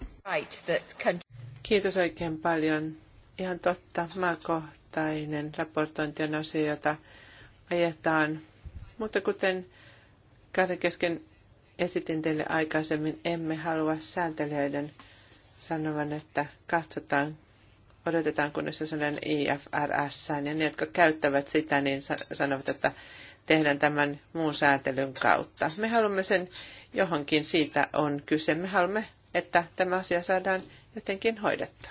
Kiitos oikein paljon. Ihan totta, maakohtainen raportointi on asia, jota ajetaan. Mutta kuten kahden kesken esitin teille aikaisemmin, emme halua sääntelijöiden sanovan, että katsotaan odotetaan, kunnes se sellainen IFRS, ja ne, jotka käyttävät sitä, niin sanovat, että tehdään tämän muun säätelyn kautta. Me haluamme sen johonkin, siitä on kyse. Me haluamme, että tämä asia saadaan jotenkin hoidettua.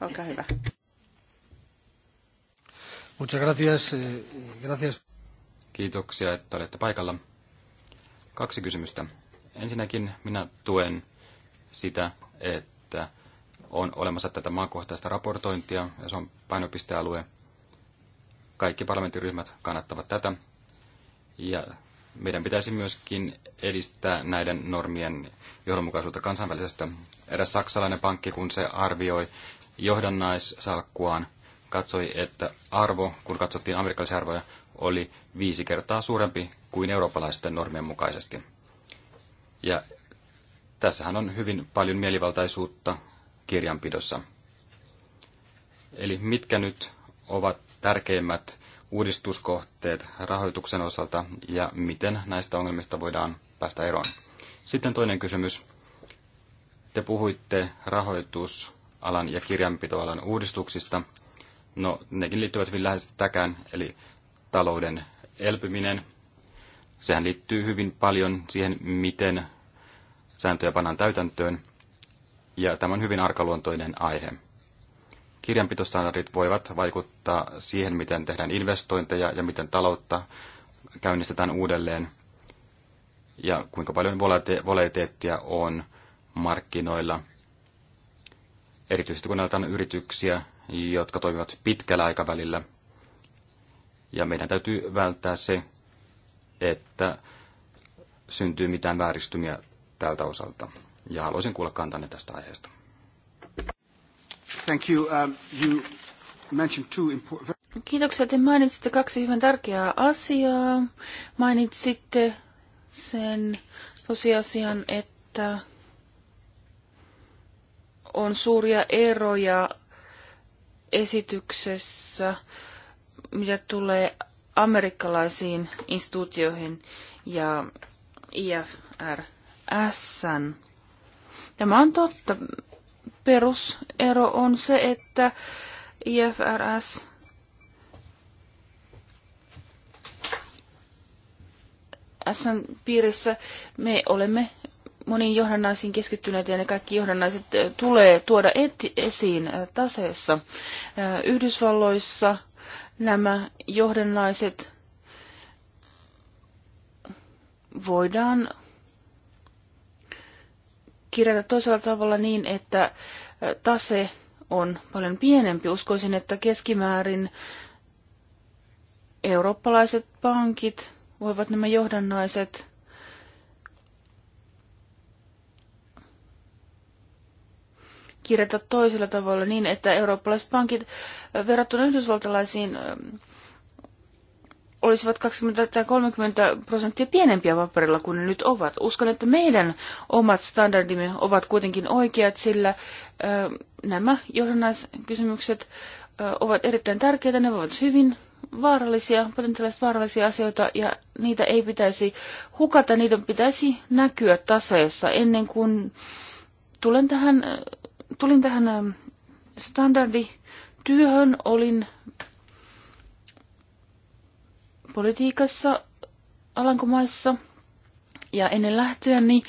Olkaa hyvä. Muchas gracias. Eh, gracias. Kiitoksia, että olette paikalla. Kaksi kysymystä. Ensinnäkin minä tuen sitä, että on olemassa tätä maakohtaista raportointia, ja se on painopistealue. Kaikki parlamenttiryhmät kannattavat tätä, ja meidän pitäisi myöskin edistää näiden normien johdonmukaisuutta kansainvälisestä. Eräs saksalainen pankki, kun se arvioi johdannaissalkkuaan, katsoi, että arvo, kun katsottiin amerikkalaisia arvoja, oli viisi kertaa suurempi kuin eurooppalaisten normien mukaisesti. Ja tässähän on hyvin paljon mielivaltaisuutta kirjanpidossa. Eli mitkä nyt ovat tärkeimmät uudistuskohteet rahoituksen osalta ja miten näistä ongelmista voidaan päästä eroon. Sitten toinen kysymys. Te puhuitte rahoitusalan ja kirjanpitoalan uudistuksista. No, nekin liittyvät hyvin lähes täkään, eli talouden elpyminen. Sehän liittyy hyvin paljon siihen, miten sääntöjä pannaan täytäntöön ja tämä on hyvin arkaluontoinen aihe. Kirjanpitostandardit voivat vaikuttaa siihen, miten tehdään investointeja ja miten taloutta käynnistetään uudelleen ja kuinka paljon volatiliteettia on markkinoilla, erityisesti kun on yrityksiä, jotka toimivat pitkällä aikavälillä. Ja meidän täytyy välttää se, että syntyy mitään vääristymiä tältä osalta ja haluaisin kuulla kantanne tästä aiheesta. Thank you. Um, you mentioned two important... Kiitoksia, te mainitsitte kaksi hyvin tärkeää asiaa. Mainitsitte sen tosiasian, että on suuria eroja esityksessä, mitä tulee amerikkalaisiin instituutioihin ja IFRS. Tämä on totta. Perusero on se, että IFRS SN piirissä me olemme moniin johdannaisiin keskittyneet ja ne kaikki johdannaiset tulee tuoda et- esiin taseessa. Yhdysvalloissa nämä johdannaiset voidaan kirjata toisella tavalla niin, että tase on paljon pienempi. Uskoisin, että keskimäärin eurooppalaiset pankit voivat nämä johdannaiset kirjata toisella tavalla niin, että eurooppalaiset pankit verrattuna yhdysvaltalaisiin olisivat 20 tai 30 prosenttia pienempiä paperilla kuin ne nyt ovat. Uskon, että meidän omat standardimme ovat kuitenkin oikeat, sillä ö, nämä johdannaiskysymykset ö, ovat erittäin tärkeitä. Ne ovat hyvin vaarallisia, potentiaalisesti vaarallisia asioita ja niitä ei pitäisi hukata, niiden pitäisi näkyä taseessa ennen kuin tulen tähän, tulin tähän standardityöhön, olin politiikassa Alankomaissa ja ennen lähtöä, niin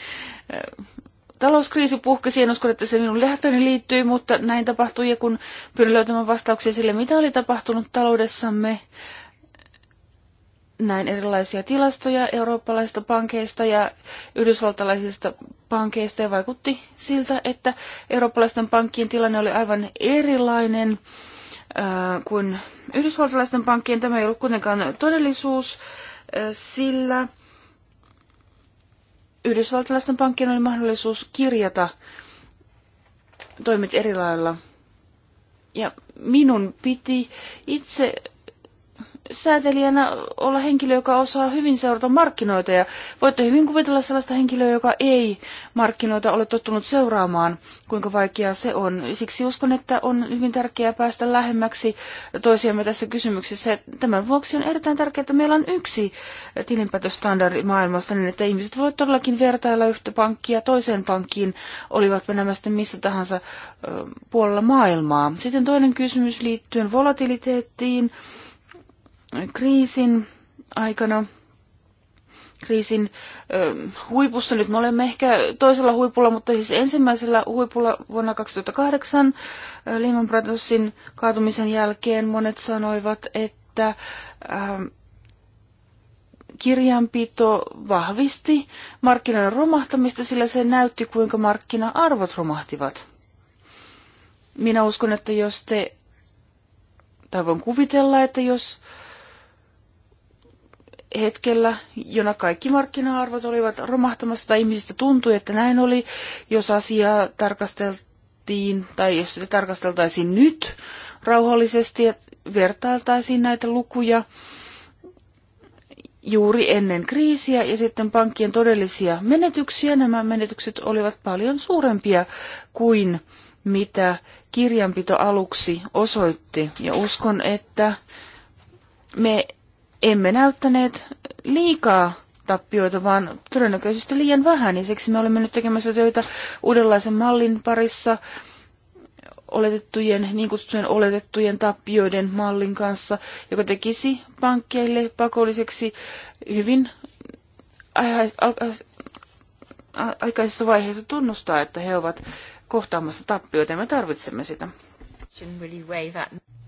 talouskriisi puhkesi. En usko, että se minun lähtöni liittyi, mutta näin tapahtui. Ja kun pyrin löytämään vastauksia sille, mitä oli tapahtunut taloudessamme, näin erilaisia tilastoja eurooppalaisista pankeista ja yhdysvaltalaisista pankeista ja vaikutti siltä, että eurooppalaisten pankkien tilanne oli aivan erilainen kuin yhdysvaltalaisten pankkien. Tämä ei ollut kuitenkaan todellisuus, sillä yhdysvaltalaisten pankkien oli mahdollisuus kirjata toimet eri lailla. Ja minun piti itse säätelijänä olla henkilö, joka osaa hyvin seurata markkinoita ja voitte hyvin kuvitella sellaista henkilöä, joka ei markkinoita ole tottunut seuraamaan, kuinka vaikeaa se on. Siksi uskon, että on hyvin tärkeää päästä lähemmäksi toisiamme tässä kysymyksessä. Tämän vuoksi on erittäin tärkeää, että meillä on yksi tilinpäätöstandardi maailmassa, niin että ihmiset voivat todellakin vertailla yhtä pankkia toiseen pankkiin, olivat nämä sitten missä tahansa puolella maailmaa. Sitten toinen kysymys liittyen volatiliteettiin kriisin aikana, kriisin huipussa, nyt me olemme ehkä toisella huipulla, mutta siis ensimmäisellä huipulla vuonna 2008 Lehman Brothersin kaatumisen jälkeen monet sanoivat, että kirjanpito vahvisti markkinoiden romahtamista, sillä se näytti, kuinka markkina-arvot romahtivat. Minä uskon, että jos te, tai voin kuvitella, että jos hetkellä, jona kaikki markkina-arvot olivat romahtamassa tai ihmisistä tuntui, että näin oli, jos asiaa tarkasteltiin tai jos sitä tarkasteltaisiin nyt rauhallisesti ja vertailtaisiin näitä lukuja juuri ennen kriisiä ja sitten pankkien todellisia menetyksiä. Nämä menetykset olivat paljon suurempia kuin mitä kirjanpito aluksi osoitti. Ja uskon, että me emme näyttäneet liikaa tappioita, vaan todennäköisesti liian vähän, ja siksi me olemme nyt tekemässä töitä uudenlaisen mallin parissa oletettujen, niin kutsuttujen oletettujen tappioiden mallin kanssa, joka tekisi pankkeille pakolliseksi hyvin aikaisessa vaiheessa tunnustaa, että he ovat kohtaamassa tappioita ja me tarvitsemme sitä.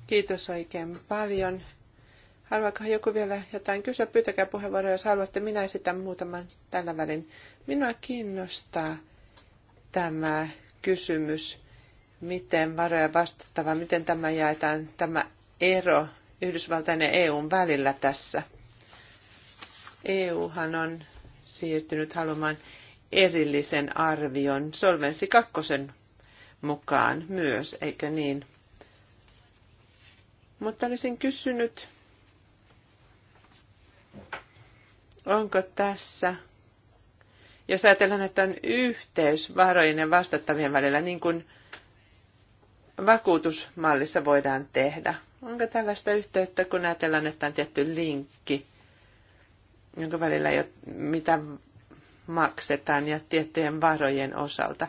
Kiitos oikein paljon. Haluaakohan joku vielä jotain kysyä? Pyytäkää puheenvuoroa, jos haluatte. Minä esitän muutaman tällä välin. Minua kiinnostaa tämä kysymys, miten varoja vastattava, miten tämä jaetaan, tämä ero Yhdysvaltain ja EUn välillä tässä. EUhan on siirtynyt haluamaan erillisen arvion Solvensi kakkosen mukaan myös, eikö niin? Mutta olisin kysynyt Onko tässä, jos ajatellaan, että on yhteys varojen ja vastattavien välillä, niin kuin vakuutusmallissa voidaan tehdä, onko tällaista yhteyttä, kun ajatellaan, että on tietty linkki, jonka välillä ole, mitä maksetaan ja tiettyjen varojen osalta.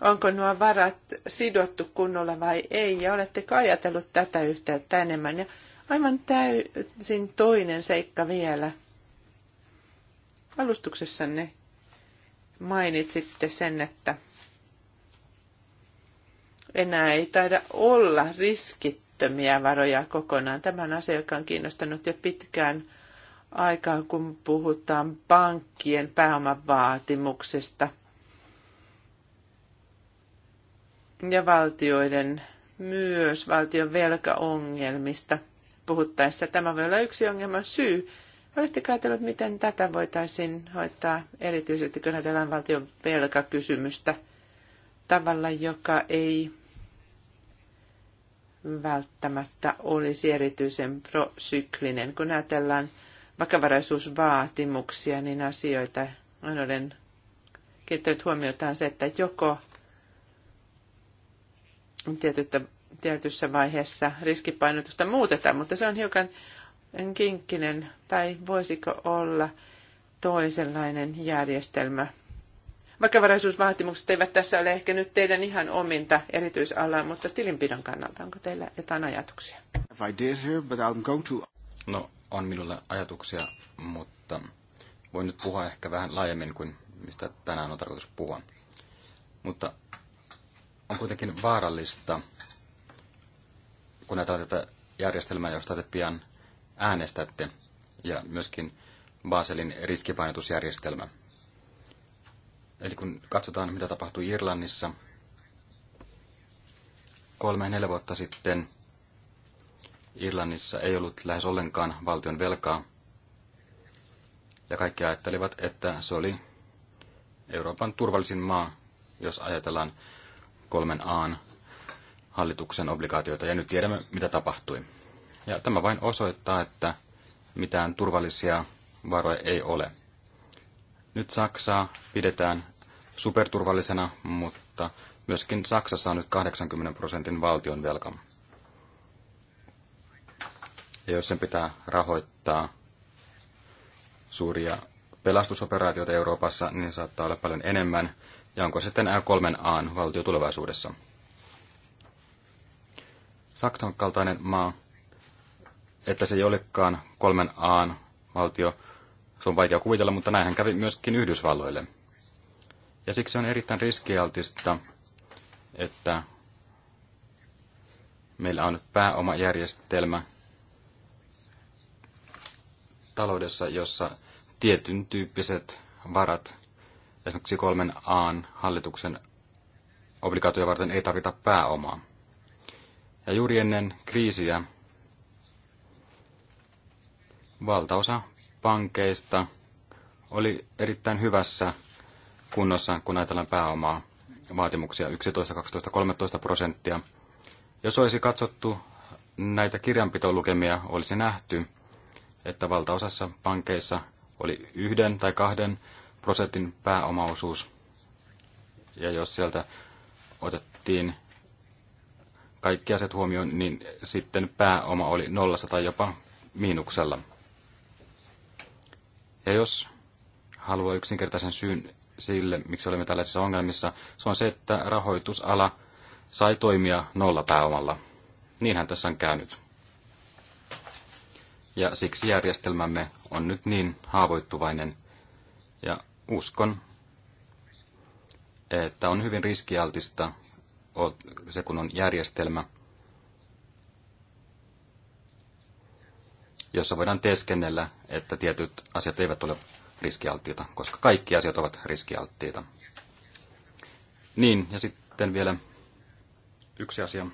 Onko nuo varat sidottu kunnolla vai ei, ja oletteko ajatellut tätä yhteyttä enemmän? Ja aivan täysin toinen seikka vielä – Alustuksessanne mainitsitte sen, että enää ei taida olla riskittömiä varoja kokonaan. Tämä on asia, joka on kiinnostanut jo pitkään aikaa, kun puhutaan pankkien pääomavaatimuksista ja valtioiden myös valtion velkaongelmista puhuttaessa. Tämä voi olla yksi ongelman syy Oletteko ajatellut, miten tätä voitaisiin hoitaa, erityisesti kun ajatellaan valtion velkakysymystä tavalla, joka ei välttämättä olisi erityisen prosyklinen. Kun ajatellaan vakavaraisuusvaatimuksia, niin asioita On olen kiinnittänyt huomiotaan se, että joko tietystä, tietyssä vaiheessa riskipainotusta muutetaan, mutta se on hiukan kinkkinen tai voisiko olla toisenlainen järjestelmä. Vakavaraisuusvaatimukset eivät tässä ole ehkä nyt teidän ihan ominta erityisalaa, mutta tilinpidon kannalta onko teillä jotain ajatuksia? No, on minulla ajatuksia, mutta voin nyt puhua ehkä vähän laajemmin kuin mistä tänään on tarkoitus puhua. Mutta on kuitenkin vaarallista, kun ajatellaan tätä järjestelmää, josta te pian äänestätte ja myöskin Baselin riskipainotusjärjestelmä. Eli kun katsotaan, mitä tapahtui Irlannissa kolme neljä vuotta sitten, Irlannissa ei ollut lähes ollenkaan valtion velkaa. Ja kaikki ajattelivat, että se oli Euroopan turvallisin maa, jos ajatellaan kolmen aan hallituksen obligaatioita. Ja nyt tiedämme, mitä tapahtui. Ja tämä vain osoittaa, että mitään turvallisia varoja ei ole. Nyt Saksaa pidetään superturvallisena, mutta myöskin Saksassa on nyt 80 prosentin valtion velka. Ja jos sen pitää rahoittaa suuria pelastusoperaatioita Euroopassa, niin saattaa olla paljon enemmän. Ja onko sitten a 3 a valtio tulevaisuudessa? Saksan kaltainen maa että se ei olekaan kolmen aan valtio. Se on vaikea kuvitella, mutta näinhän kävi myöskin Yhdysvalloille. Ja siksi on erittäin riskialtista, että meillä on pääomajärjestelmä taloudessa, jossa tietyn tyyppiset varat, esimerkiksi kolmen aan hallituksen obligaatioja varten ei tarvita pääomaa. Ja juuri ennen kriisiä valtaosa pankeista oli erittäin hyvässä kunnossa, kun ajatellaan pääomaa vaatimuksia 11, 12, 13 prosenttia. Jos olisi katsottu näitä kirjanpitolukemia, olisi nähty, että valtaosassa pankeissa oli yhden tai kahden prosentin pääomaosuus. Ja jos sieltä otettiin kaikki asiat huomioon, niin sitten pääoma oli nollassa tai jopa miinuksella. Ja jos haluaa yksinkertaisen syyn sille, miksi olemme tällaisissa ongelmissa, se on se, että rahoitusala sai toimia nolla pääomalla. Niinhän tässä on käynyt. Ja siksi järjestelmämme on nyt niin haavoittuvainen. Ja uskon, että on hyvin riskialtista se, kun on järjestelmä, jossa voidaan teeskennellä, että tietyt asiat eivät ole riskialttiita, koska kaikki asiat ovat riskialttiita. Niin, ja sitten vielä yksi asia.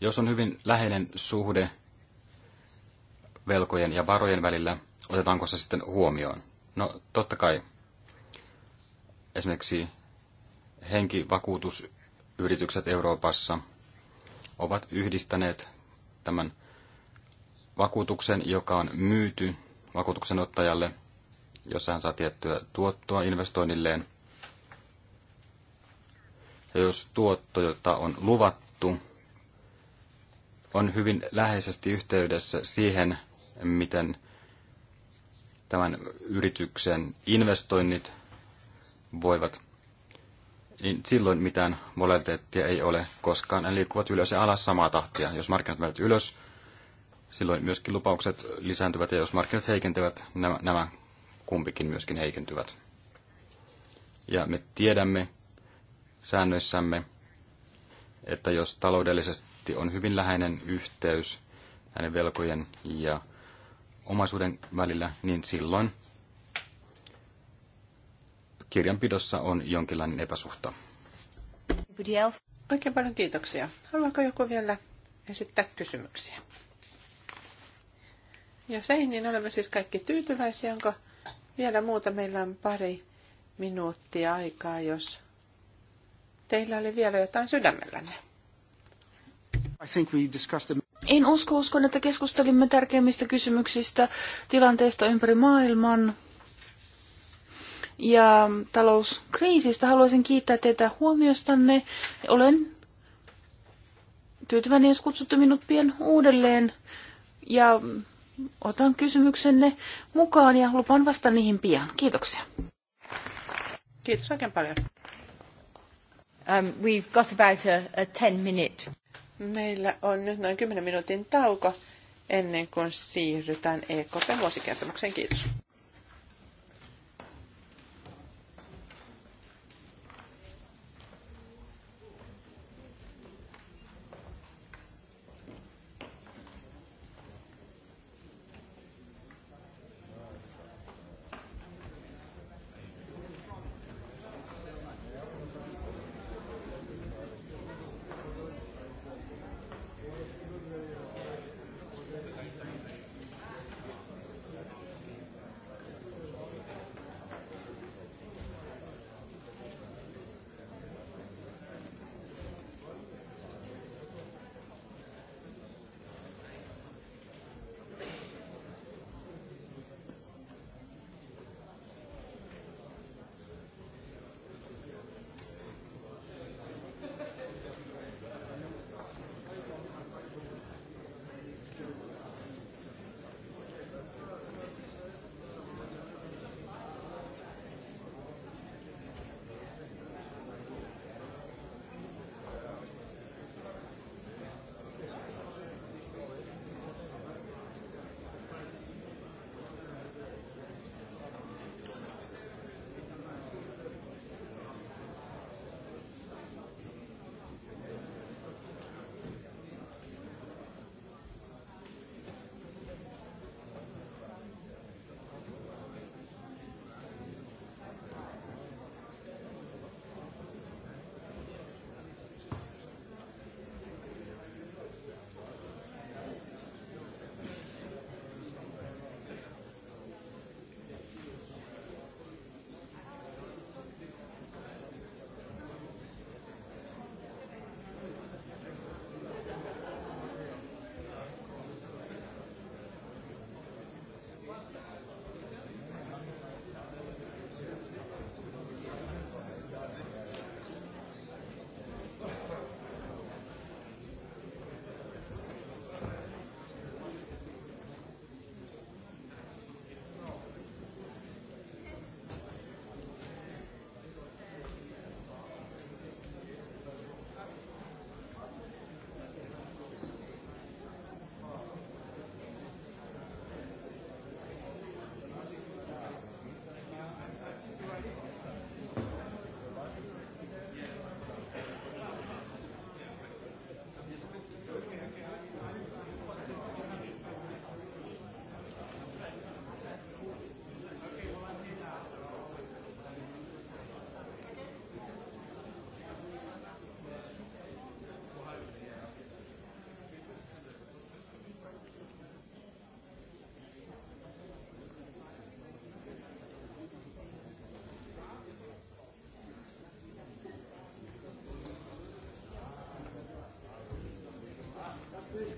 Jos on hyvin läheinen suhde velkojen ja varojen välillä, otetaanko se sitten huomioon? No totta kai esimerkiksi henkivakuutusyritykset Euroopassa ovat yhdistäneet tämän vakuutuksen, joka on myyty ottajalle, jossa hän saa tiettyä tuottoa investoinnilleen. Ja jos tuotto, jota on luvattu, on hyvin läheisesti yhteydessä siihen, miten tämän yrityksen investoinnit voivat niin silloin mitään volatiliteettia ei ole, koskaan. ne liikkuvat ylös ja alas samaa tahtia. Jos markkinat menevät ylös, silloin myöskin lupaukset lisääntyvät, ja jos markkinat heikentyvät, nämä, nämä kumpikin myöskin heikentyvät. Ja me tiedämme säännöissämme, että jos taloudellisesti on hyvin läheinen yhteys näiden velkojen ja omaisuuden välillä, niin silloin kirjanpidossa on jonkinlainen epäsuhta. Oikein paljon kiitoksia. Haluaako joku vielä esittää kysymyksiä? Jos ei, niin olemme siis kaikki tyytyväisiä. Onko vielä muuta? Meillä on pari minuuttia aikaa, jos teillä oli vielä jotain sydämellänne. En usko, uskon, että keskustelimme tärkeimmistä kysymyksistä tilanteesta ympäri maailman ja talouskriisistä. Haluaisin kiittää teitä huomiostanne. Olen tyytyväinen, jos kutsutte minut pian uudelleen ja otan kysymyksenne mukaan ja lupaan vasta niihin pian. Kiitoksia. Kiitos oikein paljon. Um, we've got about a, a ten minute. Meillä on nyt noin 10 minuutin tauko ennen kuin siirrytään EKP vuosikertomukseen. Kiitos.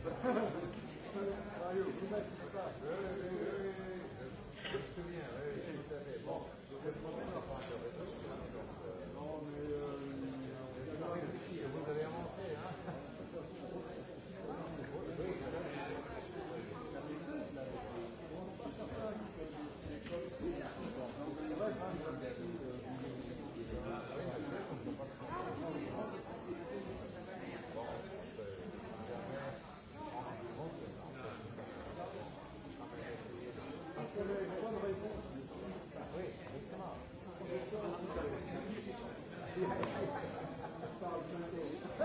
Jesus.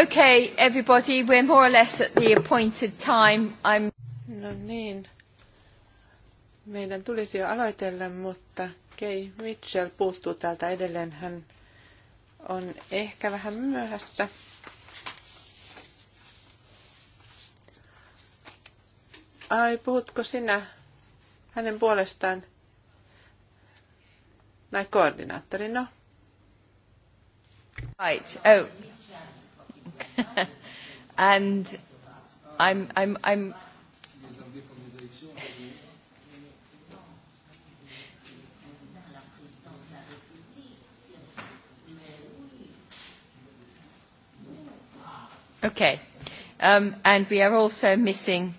Okay, everybody, we're more or less at the appointed time. I'm... No niin. Meidän tulisi jo aloitella, mutta Kei Mitchell puuttuu täältä edelleen. Hän on ehkä vähän myöhässä. Ai, puhutko sinä hänen puolestaan? Näin koordinaattori, no. Right. Oh, And I'm, I'm, I'm Okay. Um, and we are also missing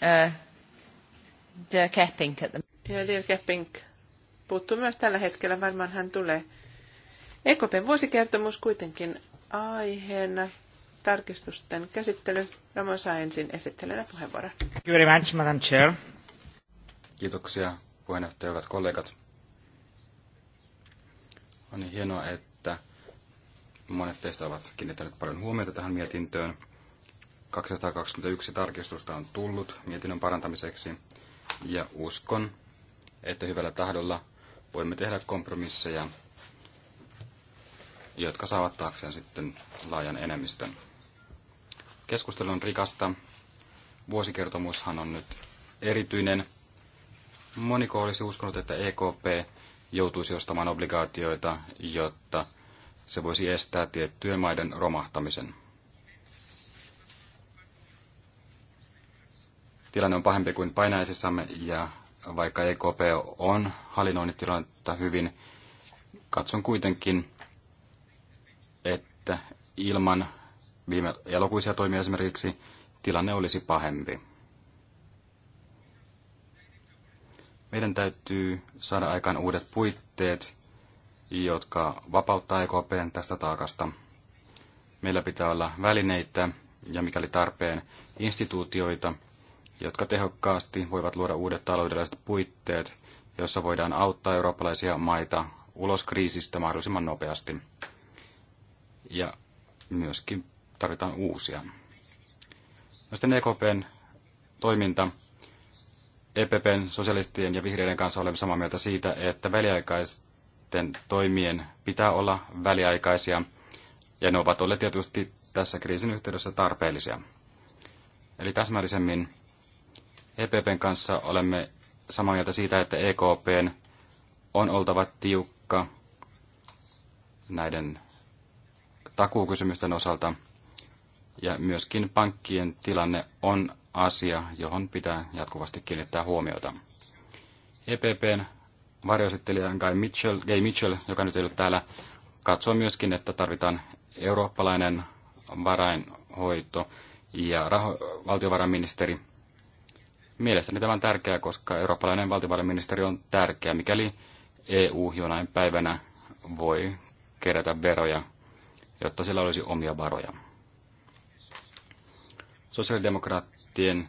uh, Dirk Epping at the Ja Dirk Epping puuttuu myös tällä hetkellä, varmaan hän tulee. EKPn vuosikertomus kuitenkin aiheena tarkistusten käsittely. Ramon saa ensin esittelenä puheenvuoron. Thank you very much, Madam Chair. Kiitoksia puheenjohtaja, hyvät kollegat. On niin hienoa, että monet teistä ovat kiinnittäneet paljon huomiota tähän mietintöön. 221 tarkistusta on tullut mietinnön parantamiseksi ja uskon, että hyvällä tahdolla voimme tehdä kompromisseja, jotka saavat taakseen sitten laajan enemmistön. Keskustelu on rikasta. Vuosikertomushan on nyt erityinen. Moniko olisi uskonut, että EKP joutuisi ostamaan obligaatioita, jotta se voisi estää tiettyjen maiden romahtamisen. Tilanne on pahempi kuin painaisissamme ja vaikka EKP on hallinnoinnit tilannetta hyvin, katson kuitenkin, että ilman viime elokuisia toimia esimerkiksi, tilanne olisi pahempi. Meidän täytyy saada aikaan uudet puitteet, jotka vapauttaa EKP tästä taakasta. Meillä pitää olla välineitä ja mikäli tarpeen instituutioita, jotka tehokkaasti voivat luoda uudet taloudelliset puitteet, joissa voidaan auttaa eurooppalaisia maita ulos kriisistä mahdollisimman nopeasti. Ja myöskin tarvitaan uusia. No sitten EKPn toiminta. EPPn, sosialistien ja vihreiden kanssa olemme samaa mieltä siitä, että väliaikaisten toimien pitää olla väliaikaisia, ja ne ovat olleet tietysti tässä kriisin yhteydessä tarpeellisia. Eli täsmällisemmin EPPn kanssa olemme samaa mieltä siitä, että EKPn on oltava tiukka näiden takuukysymysten osalta – ja myöskin pankkien tilanne on asia, johon pitää jatkuvasti kiinnittää huomiota. EPPn varjoesittelijä Guy Mitchell, Guy Mitchell, joka nyt ei ole täällä, katsoo myöskin, että tarvitaan eurooppalainen varainhoito ja raho- valtiovarainministeri. Mielestäni tämä on tärkeää, koska eurooppalainen valtiovarainministeri on tärkeä, mikäli EU jonain päivänä voi kerätä veroja, jotta sillä olisi omia varoja. Sosiaalidemokraattien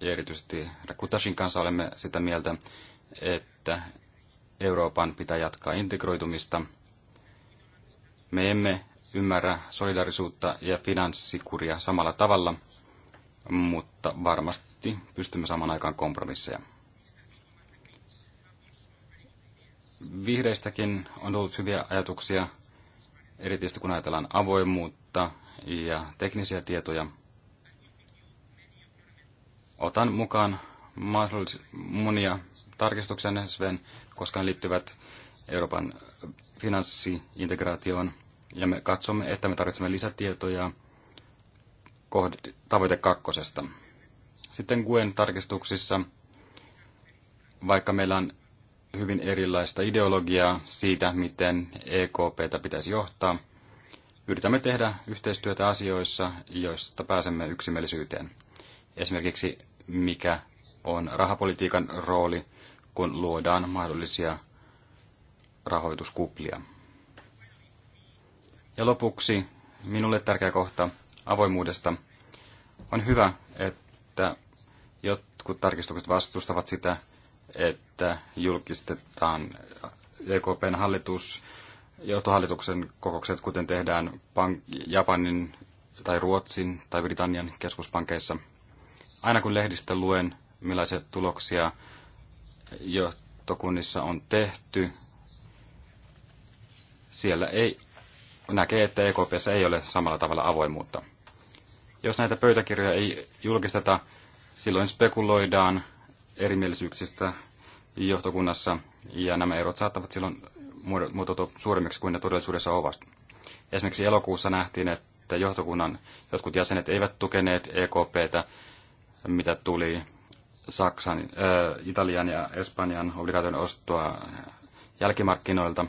ja erityisesti Rakutasin kanssa olemme sitä mieltä, että Euroopan pitää jatkaa integroitumista. Me emme ymmärrä solidarisuutta ja finanssikuria samalla tavalla, mutta varmasti pystymme saman aikaan kompromisseja. Vihreistäkin on ollut hyviä ajatuksia, erityisesti kun ajatellaan avoimuutta ja teknisiä tietoja – otan mukaan mahdollis- monia tarkistuksia Sven, koska ne liittyvät Euroopan äh, finanssiintegraatioon. Ja me katsomme, että me tarvitsemme lisätietoja kohd- tavoite kakkosesta. Sitten Guen tarkistuksissa, vaikka meillä on hyvin erilaista ideologiaa siitä, miten EKPtä pitäisi johtaa, yritämme tehdä yhteistyötä asioissa, joista pääsemme yksimielisyyteen. Esimerkiksi mikä on rahapolitiikan rooli, kun luodaan mahdollisia rahoituskuplia. Ja lopuksi minulle tärkeä kohta avoimuudesta. On hyvä, että jotkut tarkistukset vastustavat sitä, että julkistetaan EKPn hallitus, johtohallituksen kokoukset, kuten tehdään Japanin tai Ruotsin tai Britannian keskuspankeissa – Aina kun lehdistä luen, millaisia tuloksia johtokunnissa on tehty, siellä ei näkee, että EKPssä ei ole samalla tavalla avoimuutta. Jos näitä pöytäkirjoja ei julkisteta, silloin spekuloidaan erimielisyyksistä johtokunnassa, ja nämä erot saattavat silloin muotoutua suuremmiksi kuin ne todellisuudessa ovat. Esimerkiksi elokuussa nähtiin, että johtokunnan jotkut jäsenet eivät tukeneet EKPtä, mitä tuli Saksan, äh, Italian ja Espanjan obligaation ostoa jälkimarkkinoilta.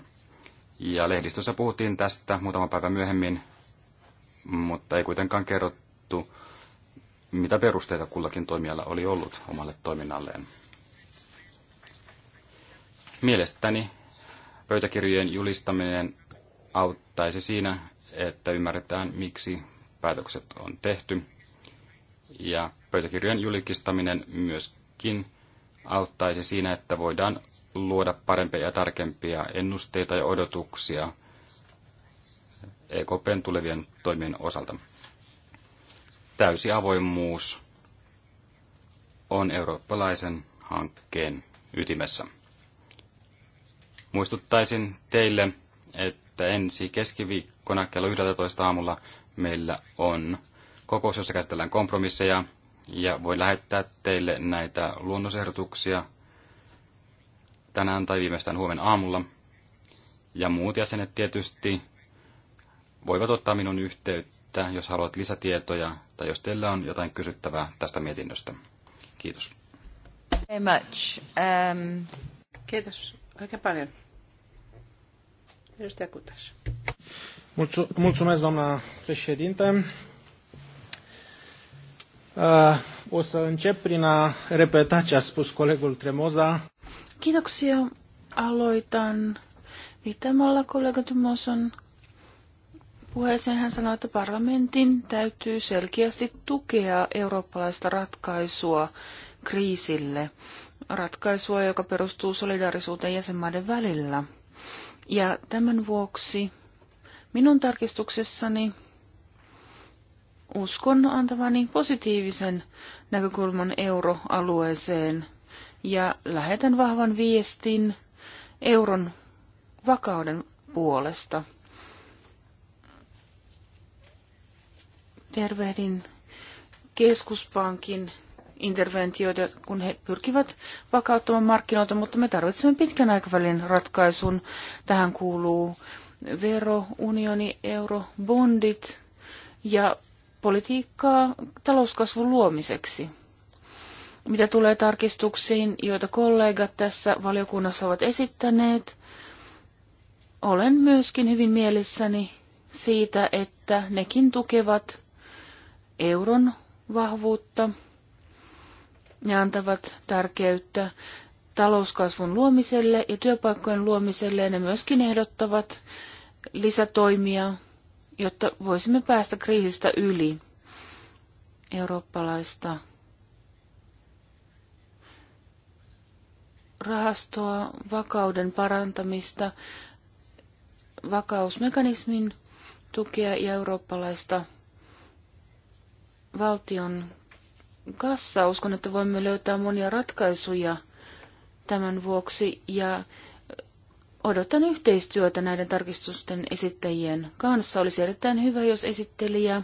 Ja lehdistössä puhuttiin tästä muutama päivä myöhemmin, mutta ei kuitenkaan kerrottu, mitä perusteita kullakin toimijalla oli ollut omalle toiminnalleen. Mielestäni pöytäkirjojen julistaminen auttaisi siinä, että ymmärretään, miksi päätökset on tehty. Ja Pöytäkirjojen julkistaminen myöskin auttaisi siinä, että voidaan luoda parempia ja tarkempia ennusteita ja odotuksia EKPn tulevien toimien osalta. Täysi avoimuus on eurooppalaisen hankkeen ytimessä. Muistuttaisin teille, että ensi keskiviikkona kello 11 aamulla meillä on kokous, jossa käsitellään kompromisseja ja voi lähettää teille näitä luonnosehdotuksia tänään tai viimeistään huomenna aamulla. Ja muut jäsenet tietysti voivat ottaa minun yhteyttä, jos haluat lisätietoja tai jos teillä on jotain kysyttävää tästä mietinnöstä. Kiitos. Very much. Um... Kiitos oikein paljon. Edustaja Kutas. Mulțumesc, doamna președinte. Uh, o să încep prin a repeta ce a spus colegul Tremoza. Kiitoksia. Aloitan viittamalla kollega Tremosan puheeseen. Hän sanoi, että parlamentin täytyy selkeästi tukea eurooppalaista ratkaisua kriisille. Ratkaisua, joka perustuu solidaarisuuteen jäsenmaiden välillä. Ja tämän vuoksi minun tarkistuksessani uskon antavani positiivisen näkökulman euroalueeseen ja lähetän vahvan viestin euron vakauden puolesta. Tervehdin keskuspankin interventioita, kun he pyrkivät vakauttamaan markkinoita, mutta me tarvitsemme pitkän aikavälin ratkaisun. Tähän kuuluu vero, euro, eurobondit ja politiikkaa talouskasvun luomiseksi. Mitä tulee tarkistuksiin, joita kollegat tässä valiokunnassa ovat esittäneet, olen myöskin hyvin mielissäni siitä, että nekin tukevat euron vahvuutta ja antavat tärkeyttä talouskasvun luomiselle ja työpaikkojen luomiselle ja ne myöskin ehdottavat lisätoimia jotta voisimme päästä kriisistä yli eurooppalaista rahastoa, vakauden parantamista, vakausmekanismin tukea ja eurooppalaista valtion kassaa. Uskon, että voimme löytää monia ratkaisuja tämän vuoksi ja odotan yhteistyötä näiden tarkistusten esittäjien kanssa. Olisi erittäin hyvä, jos esittelijä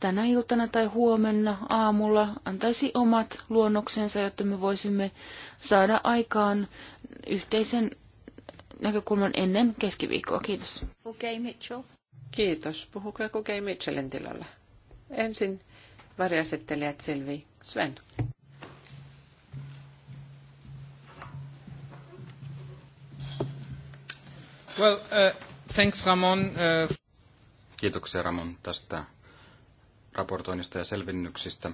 tänä iltana tai huomenna aamulla antaisi omat luonnoksensa, jotta me voisimme saada aikaan yhteisen näkökulman ennen keskiviikkoa. Kiitos. Okay, Mitchell. Kiitos. Puhukaa joku Mitchellin tilalla? Ensin varjasettelijät Silvi Sven. Well, uh, thanks Ramon. Uh... Kiitoksia Ramon tästä raportoinnista ja selvinnyksistä.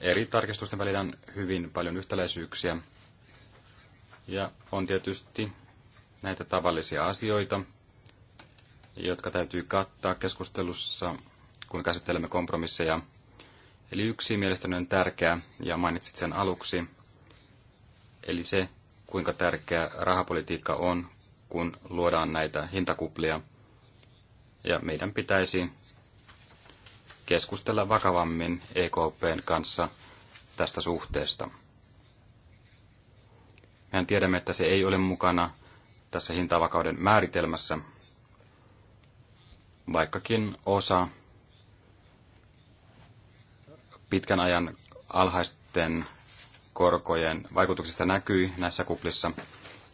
Eri tarkistusten välillä on hyvin paljon yhtäläisyyksiä. Ja on tietysti näitä tavallisia asioita, jotka täytyy kattaa keskustelussa, kun käsittelemme kompromisseja. Eli yksi mielestäni on tärkeä, ja mainitsit sen aluksi, Eli se, kuinka tärkeä rahapolitiikka on, kun luodaan näitä hintakuplia. Ja meidän pitäisi keskustella vakavammin EKPn kanssa tästä suhteesta. Mehän tiedämme, että se ei ole mukana tässä hintavakauden määritelmässä, vaikkakin osa pitkän ajan alhaisten korkojen vaikutuksista näkyi näissä kuplissa.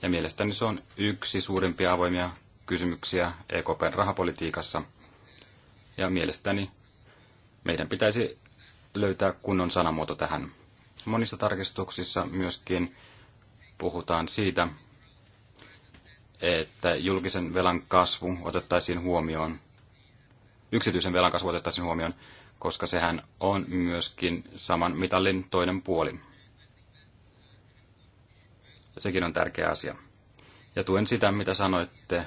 Ja mielestäni se on yksi suurimpia avoimia kysymyksiä EKPn rahapolitiikassa. Ja mielestäni meidän pitäisi löytää kunnon sanamuoto tähän. Monissa tarkistuksissa myöskin puhutaan siitä, että julkisen velan kasvu otettaisiin huomioon, yksityisen velan kasvu otettaisiin huomioon, koska sehän on myöskin saman mitallin toinen puoli ja sekin on tärkeä asia. Ja tuen sitä, mitä sanoitte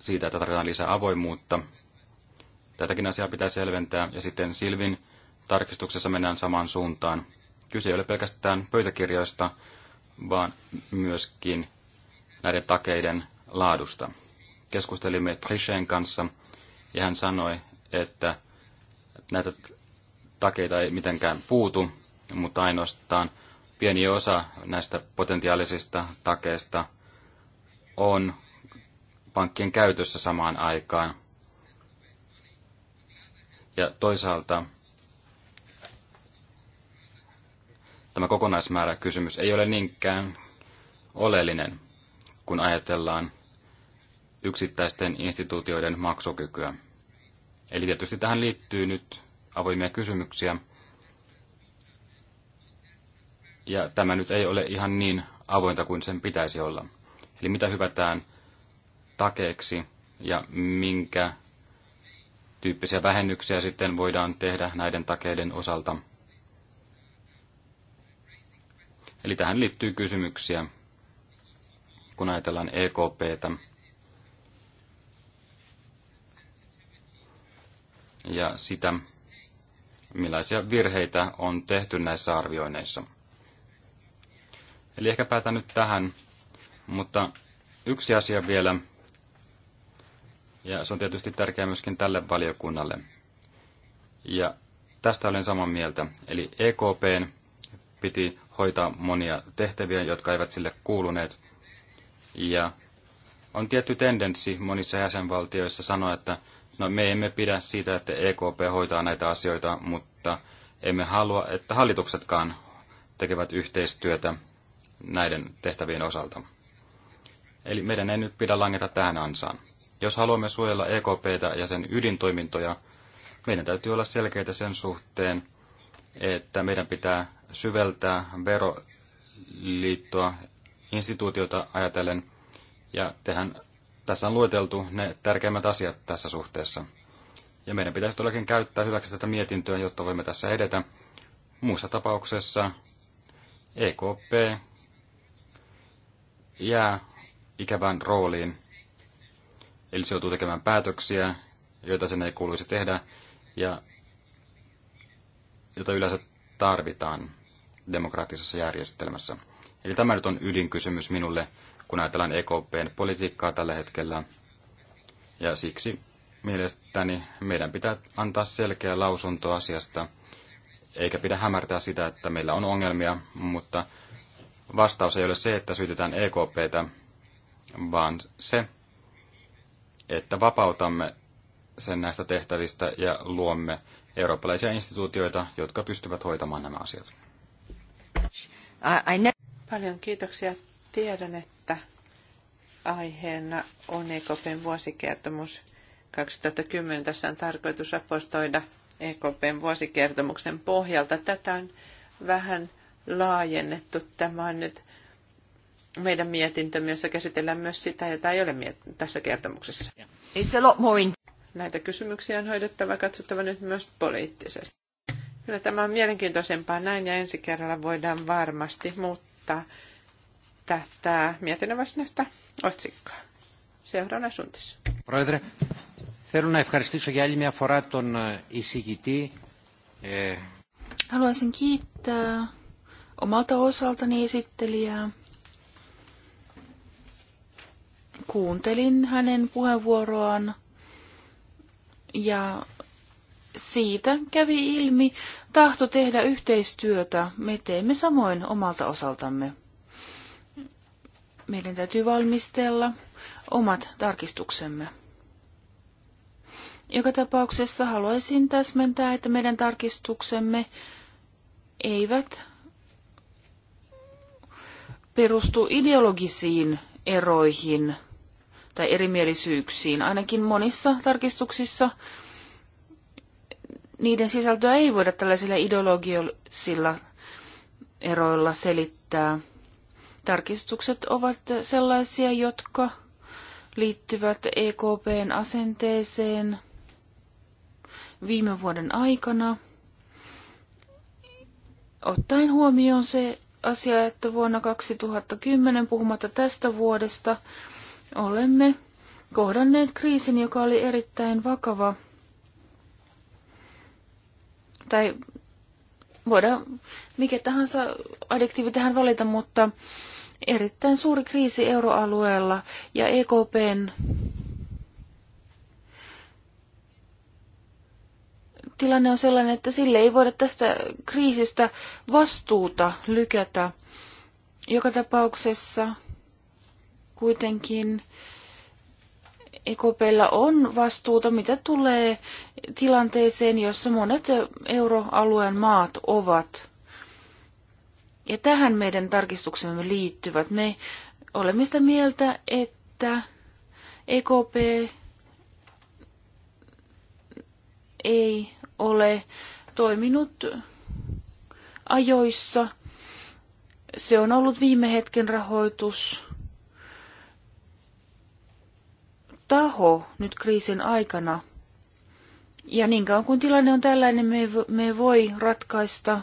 siitä, että tarvitaan lisää avoimuutta. Tätäkin asiaa pitää selventää, ja sitten Silvin tarkistuksessa mennään samaan suuntaan. Kyse ei ole pelkästään pöytäkirjoista, vaan myöskin näiden takeiden laadusta. Keskustelimme Trichén kanssa, ja hän sanoi, että näitä takeita ei mitenkään puutu, mutta ainoastaan pieni osa näistä potentiaalisista takeista on pankkien käytössä samaan aikaan. Ja toisaalta tämä kokonaismäärä kysymys ei ole niinkään oleellinen, kun ajatellaan yksittäisten instituutioiden maksukykyä. Eli tietysti tähän liittyy nyt avoimia kysymyksiä, ja tämä nyt ei ole ihan niin avointa kuin sen pitäisi olla. Eli mitä hyvätään takeeksi ja minkä tyyppisiä vähennyksiä sitten voidaan tehdä näiden takeiden osalta. Eli tähän liittyy kysymyksiä, kun ajatellaan EKPtä. Ja sitä, millaisia virheitä on tehty näissä arvioinneissa. Eli ehkä päätän nyt tähän, mutta yksi asia vielä, ja se on tietysti tärkeää myöskin tälle valiokunnalle. Ja tästä olen samaa mieltä. Eli EKPn piti hoitaa monia tehtäviä, jotka eivät sille kuuluneet. Ja on tietty tendenssi monissa jäsenvaltioissa sanoa, että no me emme pidä siitä, että EKP hoitaa näitä asioita, mutta emme halua, että hallituksetkaan tekevät yhteistyötä näiden tehtävien osalta. Eli meidän ei nyt pidä langeta tähän ansaan. Jos haluamme suojella EKPtä ja sen ydintoimintoja, meidän täytyy olla selkeitä sen suhteen, että meidän pitää syveltää veroliittoa instituutiota ajatellen, ja tehän tässä on lueteltu ne tärkeimmät asiat tässä suhteessa. Ja meidän pitäisi todellakin käyttää hyväksi tätä mietintöä, jotta voimme tässä edetä. Muussa tapauksessa EKP jää ikävään rooliin, eli se joutuu tekemään päätöksiä, joita sen ei kuuluisi tehdä, ja jota yleensä tarvitaan demokraattisessa järjestelmässä. Eli tämä nyt on ydinkysymys minulle, kun ajatellaan EKPn politiikkaa tällä hetkellä. Ja siksi mielestäni meidän pitää antaa selkeä lausunto asiasta, eikä pidä hämärtää sitä, että meillä on ongelmia, mutta vastaus ei ole se, että syytetään EKPtä, vaan se, että vapautamme sen näistä tehtävistä ja luomme eurooppalaisia instituutioita, jotka pystyvät hoitamaan nämä asiat. Paljon kiitoksia. Tiedän, että aiheena on EKPn vuosikertomus 2010. Tässä on tarkoitus raportoida EKPn vuosikertomuksen pohjalta. Tätä on vähän laajennettu. Tämä on nyt meidän mietintömme, jossa käsitellään myös sitä, jota ei ole tässä kertomuksessa. It's a lot more in- Näitä kysymyksiä on hoidettava katsottava nyt myös poliittisesti. Kyllä tämä on mielenkiintoisempaa näin ja ensi kerralla voidaan varmasti muuttaa tätä mietinnön otsikkoa. Seuraavana suntissa. Πρόεδρε, θέλω να ευχαριστήσω για άλλη μια φορά τον εισηγητή. Haluaisin kiittää omalta osaltani esittelijää. Kuuntelin hänen puheenvuoroaan ja siitä kävi ilmi tahto tehdä yhteistyötä. Me teemme samoin omalta osaltamme. Meidän täytyy valmistella omat tarkistuksemme. Joka tapauksessa haluaisin täsmentää, että meidän tarkistuksemme eivät perustuu ideologisiin eroihin tai erimielisyyksiin. Ainakin monissa tarkistuksissa niiden sisältöä ei voida tällaisilla ideologisilla eroilla selittää. Tarkistukset ovat sellaisia, jotka liittyvät EKPn asenteeseen viime vuoden aikana, ottaen huomioon se, asia, että vuonna 2010, puhumatta tästä vuodesta, olemme kohdanneet kriisin, joka oli erittäin vakava. Tai voidaan mikä tahansa adjektiivi tähän valita, mutta erittäin suuri kriisi euroalueella ja EKPn tilanne on sellainen, että sille ei voida tästä kriisistä vastuuta lykätä. Joka tapauksessa kuitenkin EKPllä on vastuuta, mitä tulee tilanteeseen, jossa monet euroalueen maat ovat. Ja tähän meidän tarkistuksemme liittyvät. Me olemme sitä mieltä, että EKP ei ole toiminut ajoissa. Se on ollut viime hetken rahoitus. Taho nyt kriisin aikana. Ja niin kauan kuin tilanne on tällainen, me ei, me ei voi ratkaista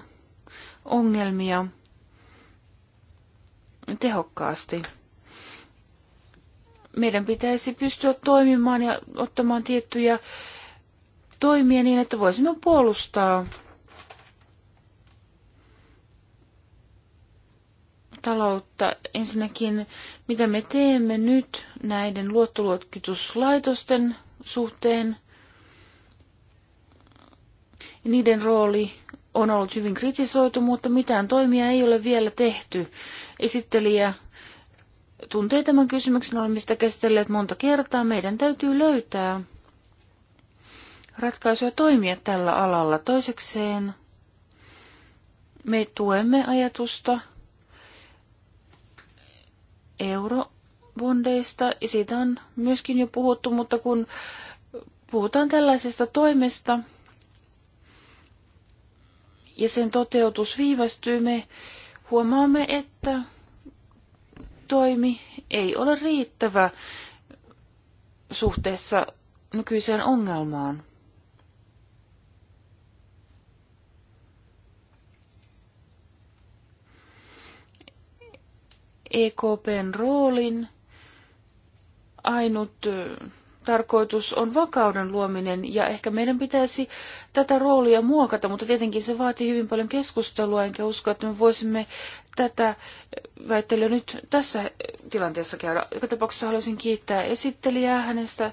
ongelmia tehokkaasti. Meidän pitäisi pystyä toimimaan ja ottamaan tiettyjä toimia niin, että voisimme puolustaa taloutta. Ensinnäkin, mitä me teemme nyt näiden luottoluokituslaitosten suhteen. Niiden rooli on ollut hyvin kritisoitu, mutta mitään toimia ei ole vielä tehty. Esittelijä tuntee tämän kysymyksen, olemme sitä käsitelleet monta kertaa. Meidän täytyy löytää ratkaisuja toimia tällä alalla. Toisekseen me tuemme ajatusta eurobondeista, ja siitä on myöskin jo puhuttu, mutta kun puhutaan tällaisesta toimesta ja sen toteutus viivästyy, me huomaamme, että toimi ei ole riittävä suhteessa nykyiseen ongelmaan. EKPn roolin ainut tarkoitus on vakauden luominen ja ehkä meidän pitäisi tätä roolia muokata, mutta tietenkin se vaatii hyvin paljon keskustelua, enkä usko, että me voisimme tätä väittelyä nyt tässä tilanteessa käydä. Joka tapauksessa haluaisin kiittää esittelijää hänestä,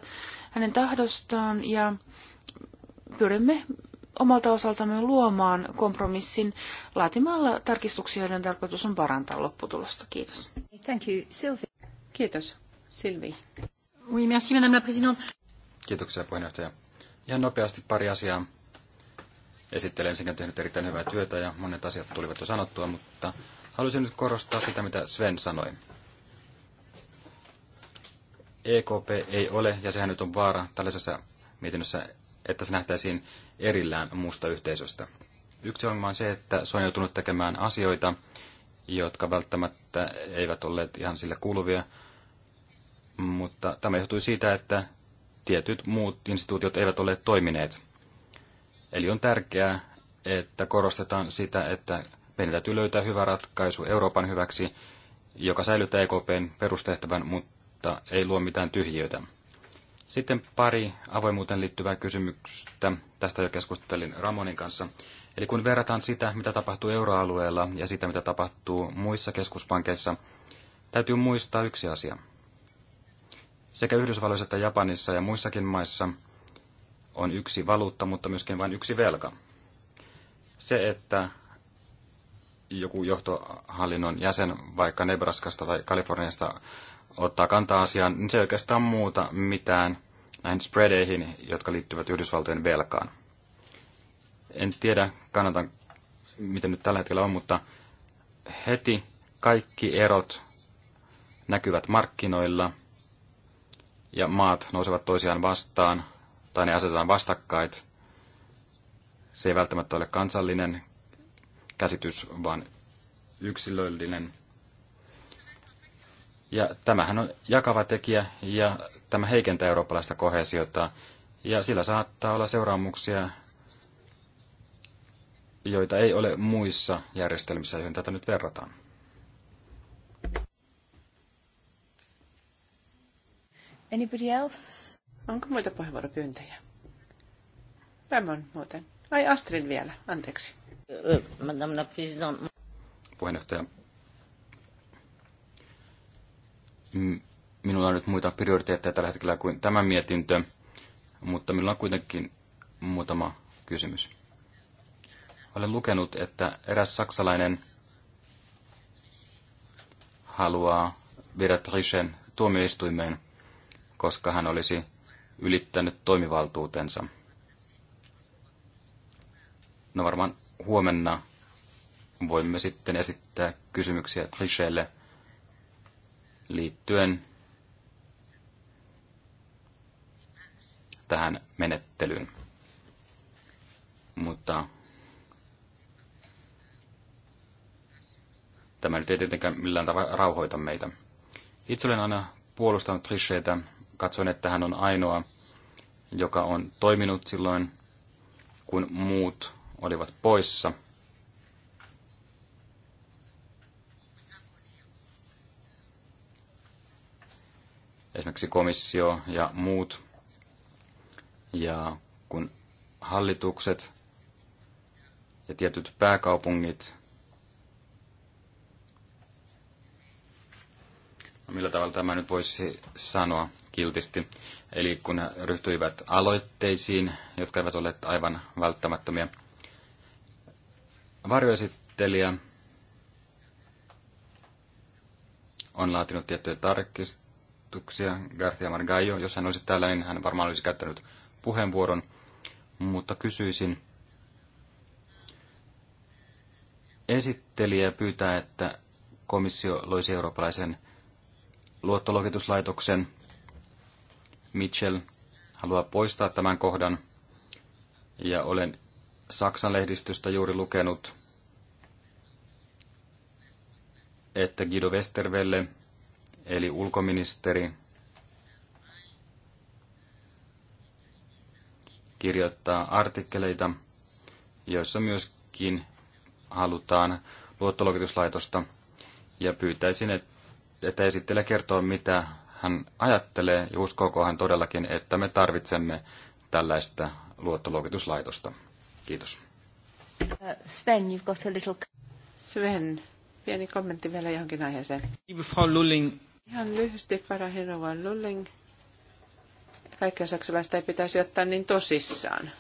hänen tahdostaan ja pyrimme omalta osaltamme luomaan kompromissin laatimalla tarkistuksia, joiden tarkoitus on parantaa lopputulosta. Kiitos. Thank you, Sylvie. Kiitos, Sylvie. Oui, merci, madame la présidente. Kiitoksia, puheenjohtaja. Ihan nopeasti pari asiaa. Esittelen ensinnäkin tehnyt erittäin hyvää työtä ja monet asiat tulivat jo sanottua, mutta haluaisin nyt korostaa sitä, mitä Sven sanoi. EKP ei ole, ja sehän nyt on vaara tällaisessa mietinnössä, että se nähtäisiin erillään muusta yhteisöstä. Yksi ongelma on se, että se on joutunut tekemään asioita, jotka välttämättä eivät olleet ihan sille kuuluvia, mutta tämä johtui siitä, että tietyt muut instituutiot eivät ole toimineet. Eli on tärkeää, että korostetaan sitä, että meidän täytyy löytää hyvä ratkaisu Euroopan hyväksi, joka säilyttää EKPn perustehtävän, mutta ei luo mitään tyhjiötä. Sitten pari avoimuuteen liittyvää kysymystä. Tästä jo keskustelin Ramonin kanssa. Eli kun verrataan sitä, mitä tapahtuu euroalueella ja sitä, mitä tapahtuu muissa keskuspankeissa, täytyy muistaa yksi asia. Sekä Yhdysvalloissa että Japanissa ja muissakin maissa on yksi valuutta, mutta myöskin vain yksi velka. Se, että joku johtohallinnon jäsen vaikka Nebraskasta tai Kaliforniasta ottaa kantaa asiaan, niin se ei oikeastaan muuta mitään näihin spreadeihin, jotka liittyvät Yhdysvaltojen velkaan. En tiedä, kannatan, miten nyt tällä hetkellä on, mutta heti kaikki erot näkyvät markkinoilla ja maat nousevat toisiaan vastaan tai ne asetetaan vastakkait. Se ei välttämättä ole kansallinen käsitys, vaan yksilöllinen ja tämähän on jakava tekijä ja tämä heikentää eurooppalaista kohesiota ja sillä saattaa olla seuraamuksia, joita ei ole muissa järjestelmissä, joihin tätä nyt verrataan. Anybody else? Onko muita puheenvuoropyyntöjä? Ramon muuten. Ai Astrid vielä, anteeksi. Euh, Puheenjohtaja, Minulla on nyt muita prioriteetteja tällä hetkellä kuin tämä mietintö, mutta minulla on kuitenkin muutama kysymys. Olen lukenut, että eräs saksalainen haluaa viedä Trichen tuomioistuimeen, koska hän olisi ylittänyt toimivaltuutensa. No varmaan huomenna voimme sitten esittää kysymyksiä Trichelle – liittyen tähän menettelyyn. Mutta tämä nyt ei tietenkään millään tavalla rauhoita meitä. Itse olen aina puolustanut Trichettä. Katson, että hän on ainoa, joka on toiminut silloin, kun muut olivat poissa – esimerkiksi komissio ja muut. Ja kun hallitukset ja tietyt pääkaupungit, no millä tavalla tämä nyt voisi sanoa kiltisti, eli kun ne ryhtyivät aloitteisiin, jotka eivät olleet aivan välttämättömiä. Varjoesittelijä on laatinut tiettyjä tarkist- kiitoksia García Margallo. Jos hän olisi täällä, niin hän varmaan olisi käyttänyt puheenvuoron. Mutta kysyisin, esittelijä pyytää, että komissio loisi eurooppalaisen luottolokituslaitoksen. Mitchell haluaa poistaa tämän kohdan. Ja olen Saksan lehdistöstä juuri lukenut, että Guido Westervelle – eli ulkoministeri kirjoittaa artikkeleita, joissa myöskin halutaan luottoluokituslaitosta ja pyytäisin, että esittelijä kertoo, mitä hän ajattelee ja uskooko hän todellakin, että me tarvitsemme tällaista luottoluokituslaitosta. Kiitos. Uh, Sven, you've got a little... Sven, pieni kommentti vielä johonkin aiheeseen. Frau Lulling, Ihan lyhyesti Parahirovan Lulling. Kaikkea saksalaista ei pitäisi ottaa niin tosissaan.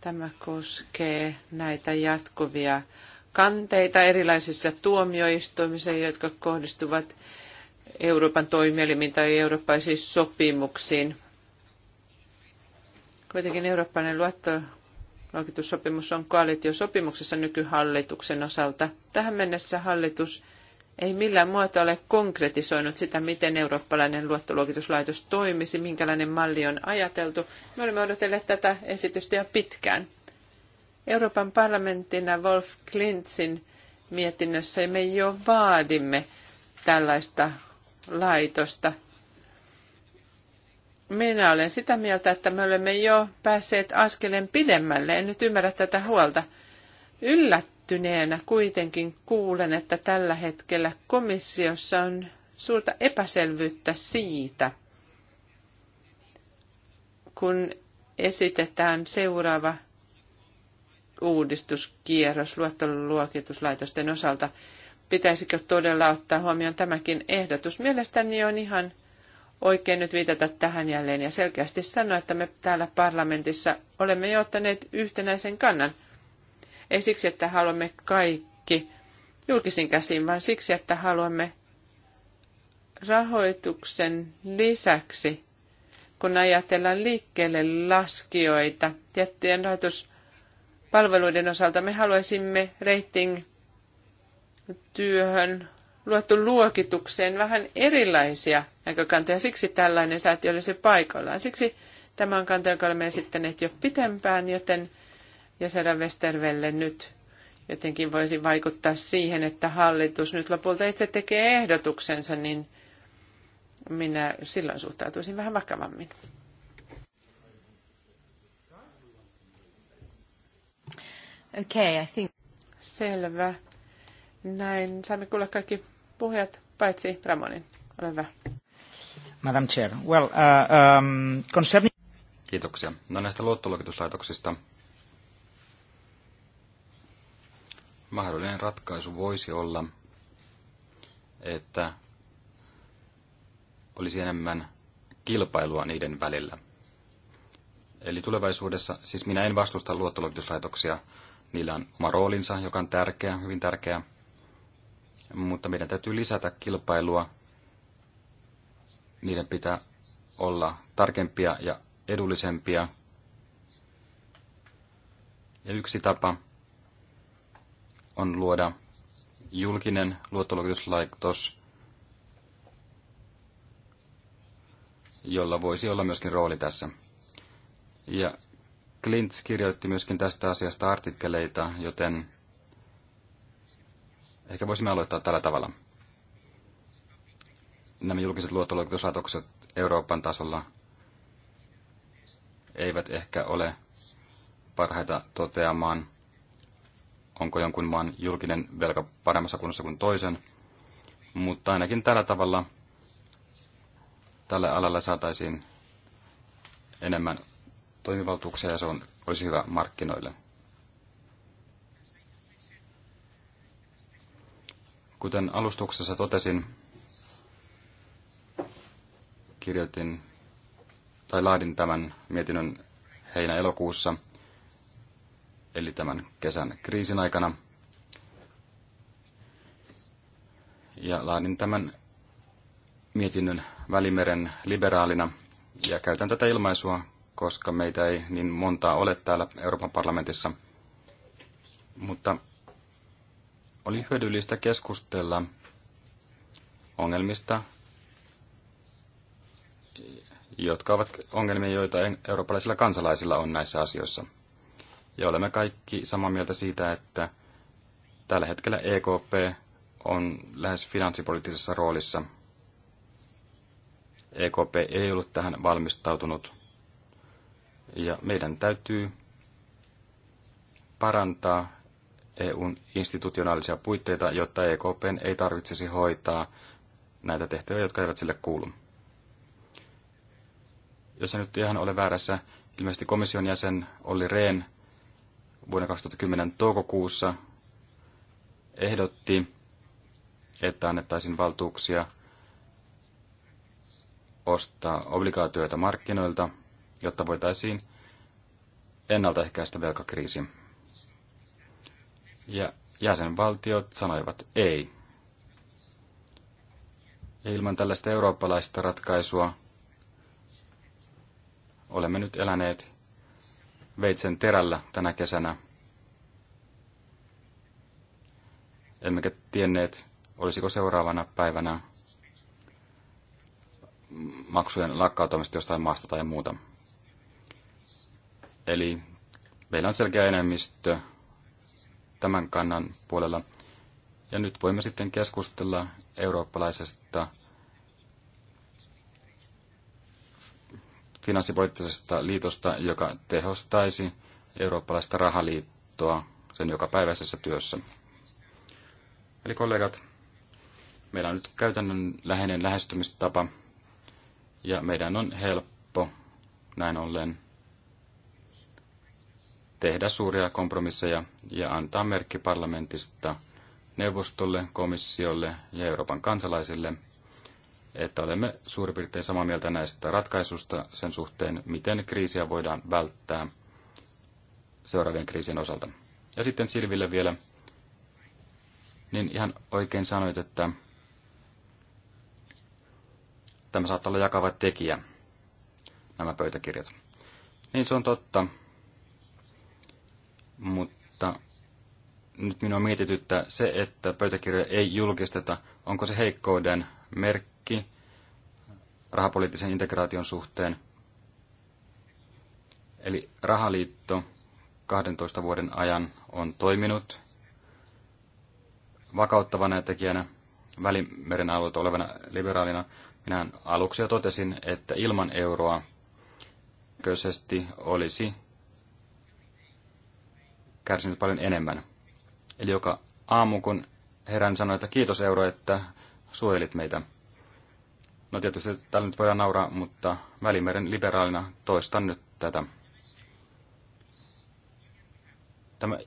Tämä koskee näitä jatkuvia kanteita erilaisissa tuomioistuimissa, jotka kohdistuvat Euroopan toimielimiin tai eurooppaisiin sopimuksiin. Kuitenkin eurooppalainen luottoluokitussopimus on koalitiosopimuksessa nykyhallituksen osalta. Tähän mennessä hallitus ei millään muotoa ole konkretisoinut sitä, miten eurooppalainen luottoluokituslaitos toimisi, minkälainen malli on ajateltu. Me olemme odotelleet tätä esitystä jo pitkään. Euroopan parlamenttina Wolf Klintzin mietinnössä me jo vaadimme tällaista laitosta. Minä olen sitä mieltä, että me olemme jo päässeet askeleen pidemmälle. En nyt ymmärrä tätä huolta. Yllättäen pettyneenä kuitenkin kuulen, että tällä hetkellä komissiossa on suurta epäselvyyttä siitä, kun esitetään seuraava uudistuskierros luottoluokituslaitosten osalta. Pitäisikö todella ottaa huomioon tämäkin ehdotus? Mielestäni on ihan oikein nyt viitata tähän jälleen ja selkeästi sanoa, että me täällä parlamentissa olemme jo ottaneet yhtenäisen kannan – ei siksi, että haluamme kaikki julkisin käsiin, vaan siksi, että haluamme rahoituksen lisäksi, kun ajatellaan liikkeelle laskijoita tiettyjen rahoituspalveluiden osalta, me haluaisimme rating työhön luettu luokitukseen vähän erilaisia näkökantoja. Siksi tällainen säätiö olisi paikallaan. Siksi tämä on kanta, jonka olemme esittäneet jo pitempään, joten ja Sara Westervelle nyt jotenkin voisi vaikuttaa siihen, että hallitus nyt lopulta itse tekee ehdotuksensa, niin minä silloin suhtautuisin vähän vakavammin. Okay, I think... Selvä. Näin saamme kuulla kaikki puhujat, paitsi Ramonin. Ole hyvä. Madam Chair, well, uh, um, concerning... Kiitoksia. No näistä luottoluokituslaitoksista mahdollinen ratkaisu voisi olla, että olisi enemmän kilpailua niiden välillä. Eli tulevaisuudessa, siis minä en vastusta luottoluokituslaitoksia, niillä on oma roolinsa, joka on tärkeä, hyvin tärkeä, mutta meidän täytyy lisätä kilpailua. Niiden pitää olla tarkempia ja edullisempia. Ja yksi tapa on luoda julkinen luottoluokituslaitos, jolla voisi olla myöskin rooli tässä. Ja Clint kirjoitti myöskin tästä asiasta artikkeleita, joten ehkä voisimme aloittaa tällä tavalla. Nämä julkiset luottoluokituslaitokset Euroopan tasolla eivät ehkä ole parhaita toteamaan – onko jonkun maan julkinen velka paremmassa kunnossa kuin toisen, mutta ainakin tällä tavalla tällä alalla saataisiin enemmän toimivaltuuksia ja se on, olisi hyvä markkinoille. Kuten alustuksessa totesin, kirjoitin tai laadin tämän mietinnön heinä-elokuussa – eli tämän kesän kriisin aikana. Ja laadin tämän mietinnön Välimeren liberaalina ja käytän tätä ilmaisua, koska meitä ei niin montaa ole täällä Euroopan parlamentissa. Mutta oli hyödyllistä keskustella ongelmista, jotka ovat ongelmia, joita eurooppalaisilla kansalaisilla on näissä asioissa. Ja olemme kaikki samaa mieltä siitä, että tällä hetkellä EKP on lähes finanssipoliittisessa roolissa. EKP ei ollut tähän valmistautunut. Ja meidän täytyy parantaa EUn institutionaalisia puitteita, jotta EKPn ei tarvitsisi hoitaa näitä tehtäviä, jotka eivät sille kuulu. Jos en nyt ihan ole väärässä, ilmeisesti komission jäsen oli Rehn vuonna 2010 toukokuussa ehdotti, että annettaisiin valtuuksia ostaa obligaatioita markkinoilta, jotta voitaisiin ennaltaehkäistä velkakriisi. Ja jäsenvaltiot sanoivat ei. Ja ilman tällaista eurooppalaista ratkaisua olemme nyt eläneet veitsen terällä tänä kesänä. Emmekä tienneet, olisiko seuraavana päivänä maksujen lakkautamista jostain maasta tai muuta. Eli meillä on selkeä enemmistö tämän kannan puolella. Ja nyt voimme sitten keskustella eurooppalaisesta finanssipoliittisesta liitosta, joka tehostaisi eurooppalaista rahaliittoa sen jokapäiväisessä työssä. Eli kollegat, meillä on nyt käytännön läheinen lähestymistapa ja meidän on helppo näin ollen tehdä suuria kompromisseja ja antaa merkki parlamentista neuvostolle, komissiolle ja Euroopan kansalaisille – että olemme suurin piirtein samaa mieltä näistä ratkaisusta sen suhteen, miten kriisiä voidaan välttää seuraavien kriisien osalta. Ja sitten Silville vielä, niin ihan oikein sanoit, että tämä saattaa olla jakava tekijä, nämä pöytäkirjat. Niin se on totta, mutta nyt minua mietityttää se, että pöytäkirjoja ei julkisteta, onko se heikkouden merkki kaikki rahapoliittisen integraation suhteen. Eli rahaliitto 12 vuoden ajan on toiminut vakauttavana tekijänä Välimeren alueelta olevana liberaalina. Minä aluksi jo totesin, että ilman euroa köisesti olisi kärsinyt paljon enemmän. Eli joka aamu, kun herän sanoi, että kiitos euro, että suojelit meitä – No tietysti täällä nyt voidaan nauraa, mutta Välimeren liberaalina toistan nyt tätä. Tämä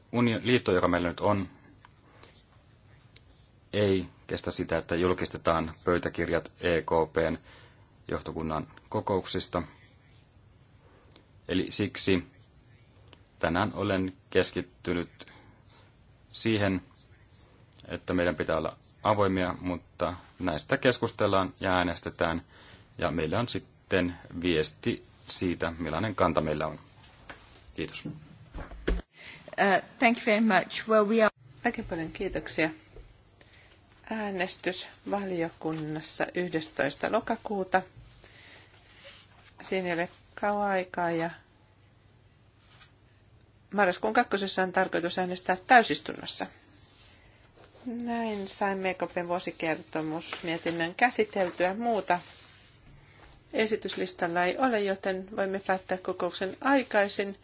liitto, joka meillä nyt on, ei kestä sitä, että julkistetaan pöytäkirjat EKPn johtokunnan kokouksista. Eli siksi tänään olen keskittynyt siihen, että meidän pitää olla avoimia, mutta näistä keskustellaan ja äänestetään. Ja meillä on sitten viesti siitä, millainen kanta meillä on. Kiitos. Uh, thank you very much. Well, we are... Aika paljon kiitoksia. Äänestys valiokunnassa 11. lokakuuta. Siinä ei ole kauan aikaa ja marraskuun kakkosessa on tarkoitus äänestää täysistunnossa. Näin saimme vuosikertomus mietinnön käsiteltyä. Muuta esityslistalla ei ole, joten voimme päättää kokouksen aikaisin.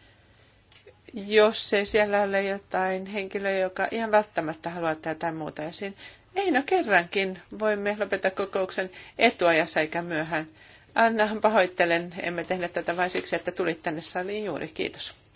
Jos ei siellä ole jotain henkilöä, joka ihan välttämättä haluaa tätä muuta esiin, ei no kerrankin voimme lopettaa kokouksen etuajassa eikä myöhään. Anna, pahoittelen, emme tehneet tätä vain siksi, että tulit tänne saliin juuri. Kiitos.